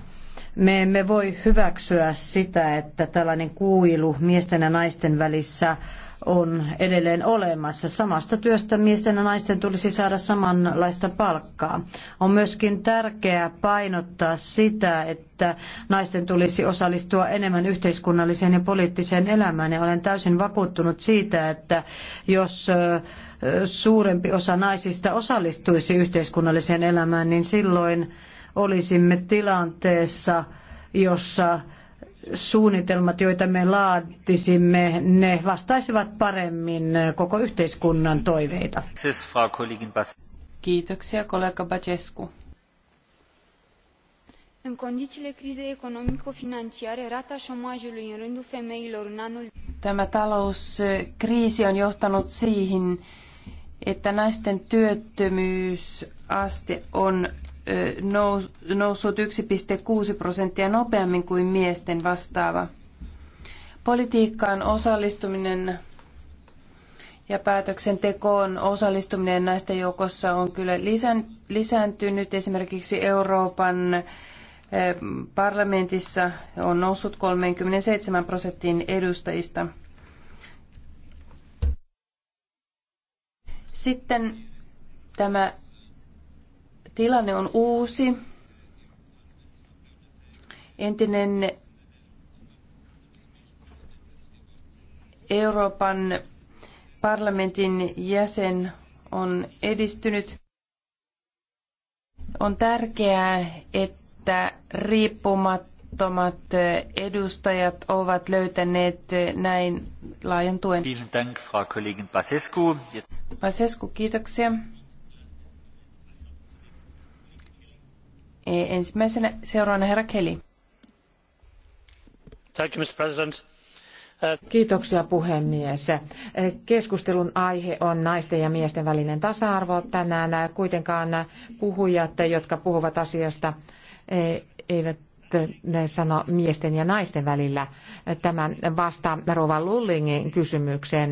me emme voi hyväksyä sitä, että tällainen kuilu miesten ja naisten välissä on edelleen olemassa. Samasta työstä miesten ja naisten tulisi saada samanlaista palkkaa. On myöskin tärkeää painottaa sitä, että naisten tulisi osallistua enemmän yhteiskunnalliseen ja poliittiseen elämään. Ja olen täysin vakuuttunut siitä, että jos suurempi osa naisista osallistuisi yhteiskunnalliseen elämään, niin silloin olisimme tilanteessa, jossa suunnitelmat, joita me laatisimme, ne vastaisivat paremmin koko yhteiskunnan toiveita. Siis, Kiitoksia, kollega Bacescu. În condițiile crizei economico-financiare, rata șomajului în rândul femeilor în anul... Tämä talouskriisi on johtanut siihen, että naisten työttömyysaste on noussut 1,6 prosenttia nopeammin kuin miesten vastaava. Politiikkaan osallistuminen ja päätöksentekoon osallistuminen naisten joukossa on kyllä lisääntynyt. Esimerkiksi Euroopan parlamentissa on noussut 37 prosenttiin edustajista. Sitten tämä Tilanne on uusi. Entinen Euroopan parlamentin jäsen on edistynyt. On tärkeää, että riippumattomat edustajat ovat löytäneet näin laajan tuen. Basescu, kiitoksia. arvoisa e, herra Kelly. Kiitoksia puhemies. Keskustelun aihe on naisten ja miesten välinen tasa-arvo. Tänään kuitenkaan puhujat, jotka puhuvat asiasta, e, eivät sano miesten ja naisten välillä. tämän vasta Rova Lullingin kysymykseen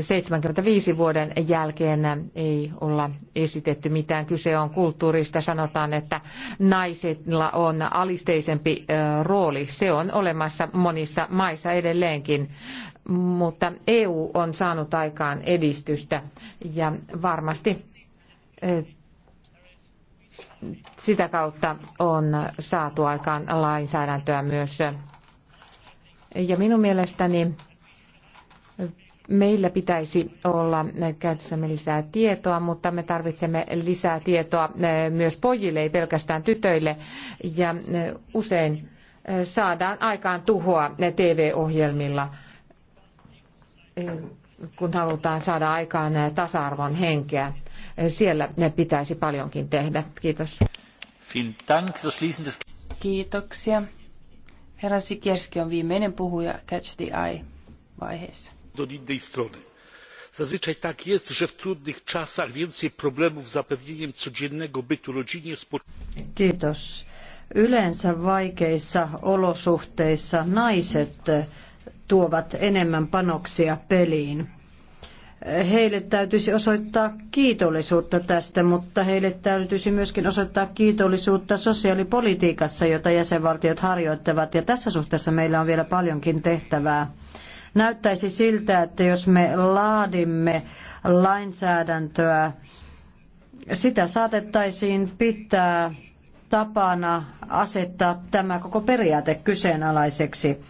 75 vuoden jälkeen ei olla esitetty mitään. Kyse on kulttuurista. Sanotaan, että naisilla on alisteisempi rooli. Se on olemassa monissa maissa edelleenkin mutta EU on saanut aikaan edistystä ja varmasti sitä kautta on saatu aikaan lainsäädäntöä myös. Ja minun mielestäni meillä pitäisi olla käytössämme lisää tietoa, mutta me tarvitsemme lisää tietoa myös pojille, ei pelkästään tytöille. Ja usein saadaan aikaan tuhoa TV-ohjelmilla kun halutaan saada aikaan tasa-arvon henkeä. Siellä ne pitäisi paljonkin tehdä. Kiitos. Kiitoksia. Herra Sikierski on viimeinen puhuja Catch the Eye-vaiheessa. Zazwyczaj tak jest, że w trudnych czasach więcej problemów z zapewnieniem codziennego bytu rodzinie. Kiitos. Yleensä vaikeissa olosuhteissa naiset tuovat enemmän panoksia peliin. Heille täytyisi osoittaa kiitollisuutta tästä, mutta heille täytyisi myöskin osoittaa kiitollisuutta sosiaalipolitiikassa, jota jäsenvaltiot harjoittavat. Ja tässä suhteessa meillä on vielä paljonkin tehtävää näyttäisi siltä, että jos me laadimme lainsäädäntöä, sitä saatettaisiin pitää tapana asettaa tämä koko periaate kyseenalaiseksi.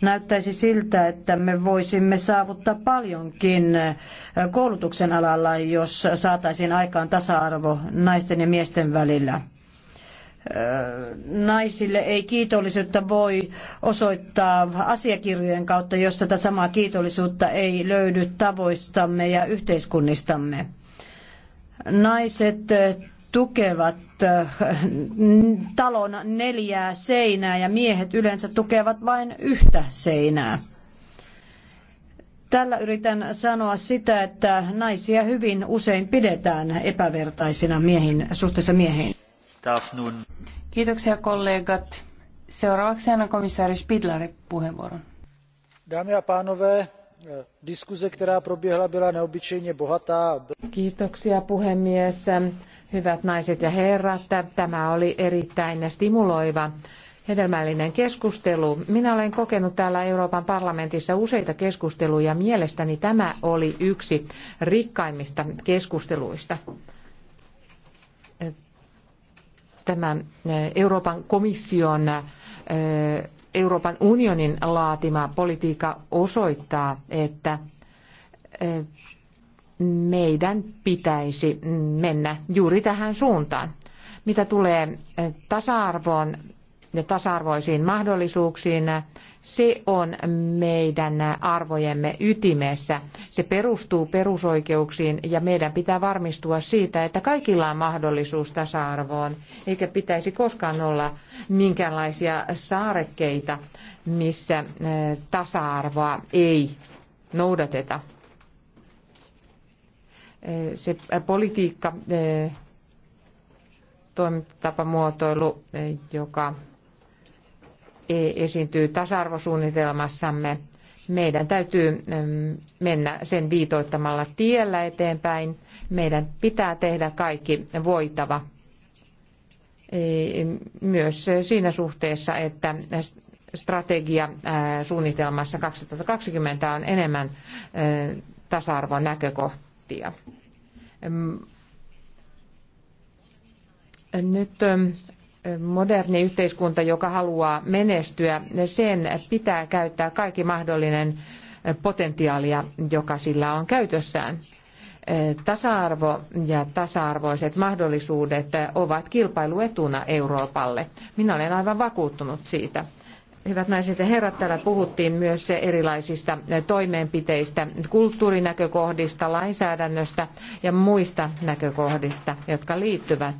Näyttäisi siltä, että me voisimme saavuttaa paljonkin eh, koulutuksen alalla, jos saataisiin aikaan tasa-arvo naisten ja miesten välillä eh, naisille ei kiitollisuutta voi osoittaa asiakirjojen kautta, jos tätä samaa kiitollisuutta ei löydy tavoistamme ja yhteiskunnistamme. Naiset eh, tukevat äh, talon neljää seinää ja miehet yleensä tukevat vain yhtä seinää. Tällä yritän sanoa sitä, että naisia hyvin usein pidetään epävertaisina miehin, suhteessa miehiin. Kiitoksia kollegat. Seuraavaksi annan komissaari Spidlari puheenvuoron. Dámy a pánové, diskuze, která proběhla, byla neobyčejně bohatá. Kiitoksia puhemies. Hyvät naiset ja herrat, tämä oli erittäin stimuloiva hedelmällinen keskustelu. Minä olen kokenut täällä Euroopan parlamentissa useita keskusteluja. Mielestäni tämä oli yksi rikkaimmista keskusteluista. Tämä eh, Euroopan komission eh, Euroopan unionin laatima politiikka osoittaa, että eh, meidän pitäisi mennä juuri tähän suuntaan. Mitä tulee eh, tasa-arvoon ja tasa-arvoisiin mahdollisuuksiin, se on meidän arvojemme ytimessä. Se perustuu perusoikeuksiin ja meidän pitää varmistua siitä, että kaikilla on mahdollisuus tasa-arvoon, eikä pitäisi koskaan olla minkäänlaisia saarekkeita, missä eh, tasa-arvoa ei noudateta se politiikka, eh, toimintatapamuotoilu, eh, joka e- esiintyy tasa-arvosuunnitelmassamme. Meidän täytyy mm, mennä sen viitoittamalla tiellä eteenpäin. Meidän pitää tehdä kaikki voitava e- myös siinä suhteessa, että strategia suunnitelmassa 2020 on enemmän tasa-arvon prosenttia. Nyt moderni yhteiskunta, joka haluaa menestyä, sen pitää käyttää kaikki mahdollinen potentiaalia, joka sillä on käytössään. Tasa-arvo ja tasa-arvoiset mahdollisuudet ovat kilpailuetuna Euroopalle. Minä olen aivan vakuuttunut siitä. Hyvät naiset ja herrat, täällä puhuttiin myös erilaisista toimenpiteistä, kulttuurinäkökohdista, lainsäädännöstä ja muista näkökohdista, jotka liittyvät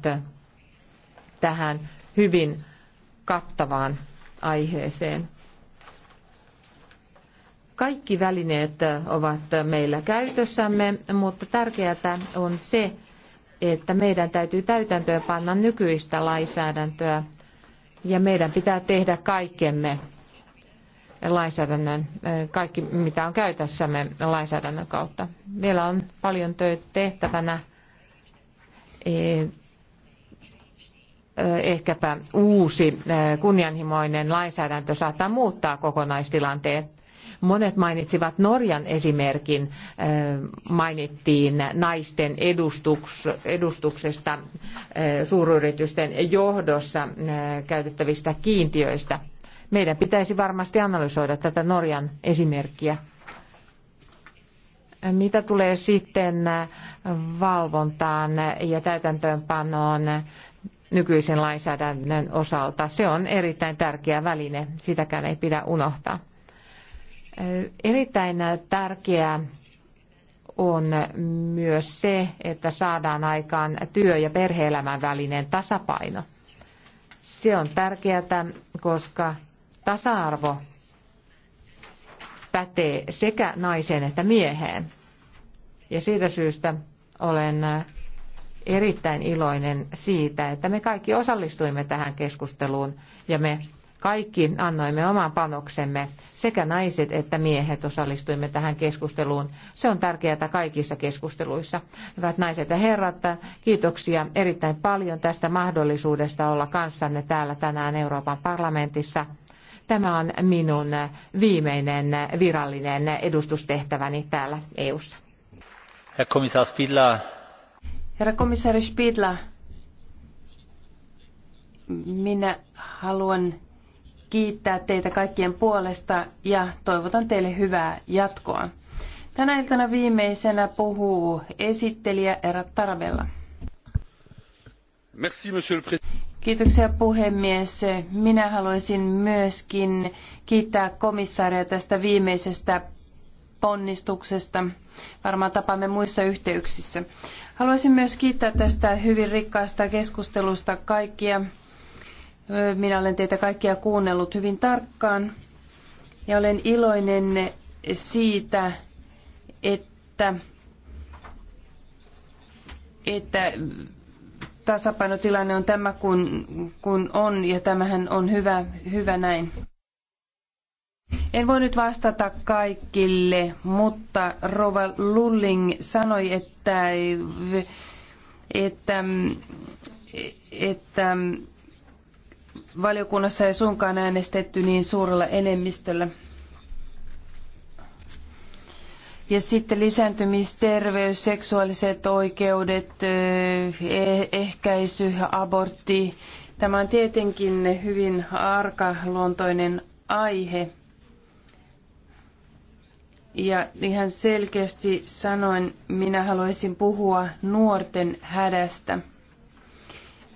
tähän hyvin kattavaan aiheeseen. Kaikki välineet ovat meillä käytössämme, mutta tärkeää on se, että meidän täytyy täytäntöön panna nykyistä lainsäädäntöä ja meidän pitää tehdä kaikkemme lainsäädännön, kaikki mitä on käytössämme lainsäädännön kautta. Meillä on paljon töitä tehtävänä. E, ehkäpä uusi kunnianhimoinen lainsäädäntö saattaa muuttaa kokonaistilanteet. Monet mainitsivat Norjan esimerkin, äh, mainittiin naisten edustuksesta äh, suuryritysten johdossa äh, käytettävistä kiintiöistä. Meidän pitäisi varmasti analysoida tätä Norjan esimerkkiä. Mitä tulee sitten valvontaan ja täytäntöönpanoon nykyisen lainsäädännön osalta, se on erittäin tärkeä väline, sitäkään ei pidä unohtaa. Erittäin tärkeää on myös se, että saadaan aikaan työ- ja perhe-elämän välinen tasapaino. Se on tärkeää, koska tasa-arvo pätee sekä naiseen että mieheen. Ja siitä syystä olen erittäin iloinen siitä, että me kaikki osallistuimme tähän keskusteluun ja me kaikki annoimme oman panoksemme, sekä naiset että miehet osallistuimme tähän keskusteluun. Se on tärkeää kaikissa keskusteluissa. Hyvät naiset ja herrat, kiitoksia erittäin paljon tästä mahdollisuudesta olla kanssanne täällä tänään Euroopan parlamentissa. Tämä on minun viimeinen virallinen edustustehtäväni täällä EU:ssa. Herra komissaari Spidla. Herra komissaari Spidla, minä haluan kiittää teitä kaikkien puolesta ja toivotan teille hyvää jatkoa. Tänä iltana viimeisenä puhuu esittelijä Erat Tarabella. Merci, monsieur le Kiitoksia puhemies. Minä haluaisin myöskin kiittää komissaaria tästä viimeisestä ponnistuksesta. Varmaan tapaamme muissa yhteyksissä. Haluaisin myös kiittää tästä hyvin rikkaasta keskustelusta kaikkia minä olen teitä kaikkia kuunnellut hyvin tarkkaan ja olen iloinen siitä, että, että tasapainotilanne on tämä kun, kun on ja tämähän on hyvä, hyvä näin. En voi nyt vastata kaikille, mutta Rova Lulling sanoi, että, että, että, että valiokunnassa ei suinkaan äänestetty niin suurella enemmistöllä. Ja sitten lisääntymisterveys, seksuaaliset oikeudet, eh, ehkäisy, abortti. Tämä on tietenkin hyvin arkaluontoinen aihe. Ja ihan selkeästi sanoin, minä haluaisin puhua nuorten hädästä.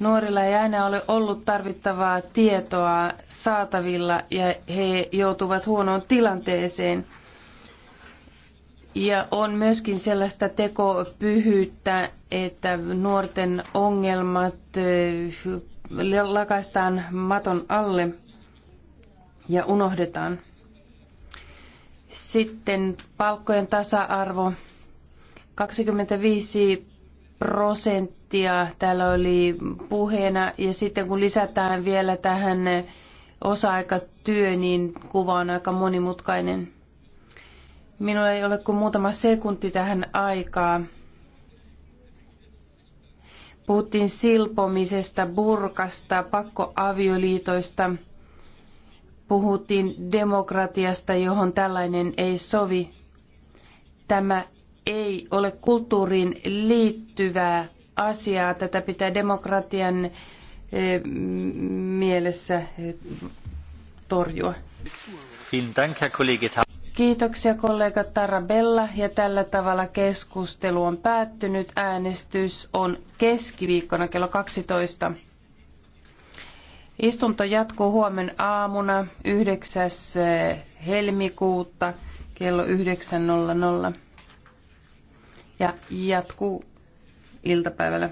Nuorilla ei aina ole ollut tarvittavaa tietoa saatavilla ja he joutuvat huonoon tilanteeseen. Ja on myöskin sellaista tekopyhyyttä, että nuorten ongelmat eh, lakaistaan maton alle ja unohdetaan. Sitten palkkojen tasa-arvo. 25 prosenttia prosenttia täällä oli puheena, ja sitten kun lisätään vielä tähän osa-aikatyö, niin kuva on aika monimutkainen. Minulla ei ole kuin muutama sekunti tähän aikaa. Puhuttiin silpomisesta, burkasta, pakkoavioliitoista. Puhuttiin demokratiasta, johon tällainen ei sovi. Tämä ei ole kulttuuriin liittyvää asiaa. Tätä pitää demokratian eh, mielessä eh, torjua. Kiitoksia kollega Tarabella ja tällä tavalla keskustelu on päättynyt. Äänestys on keskiviikkona kello 12. Istunto jatkuu huomen aamuna 9. Eh, helmikuuta kello 9.00 ja jatkuu iltapäivällä.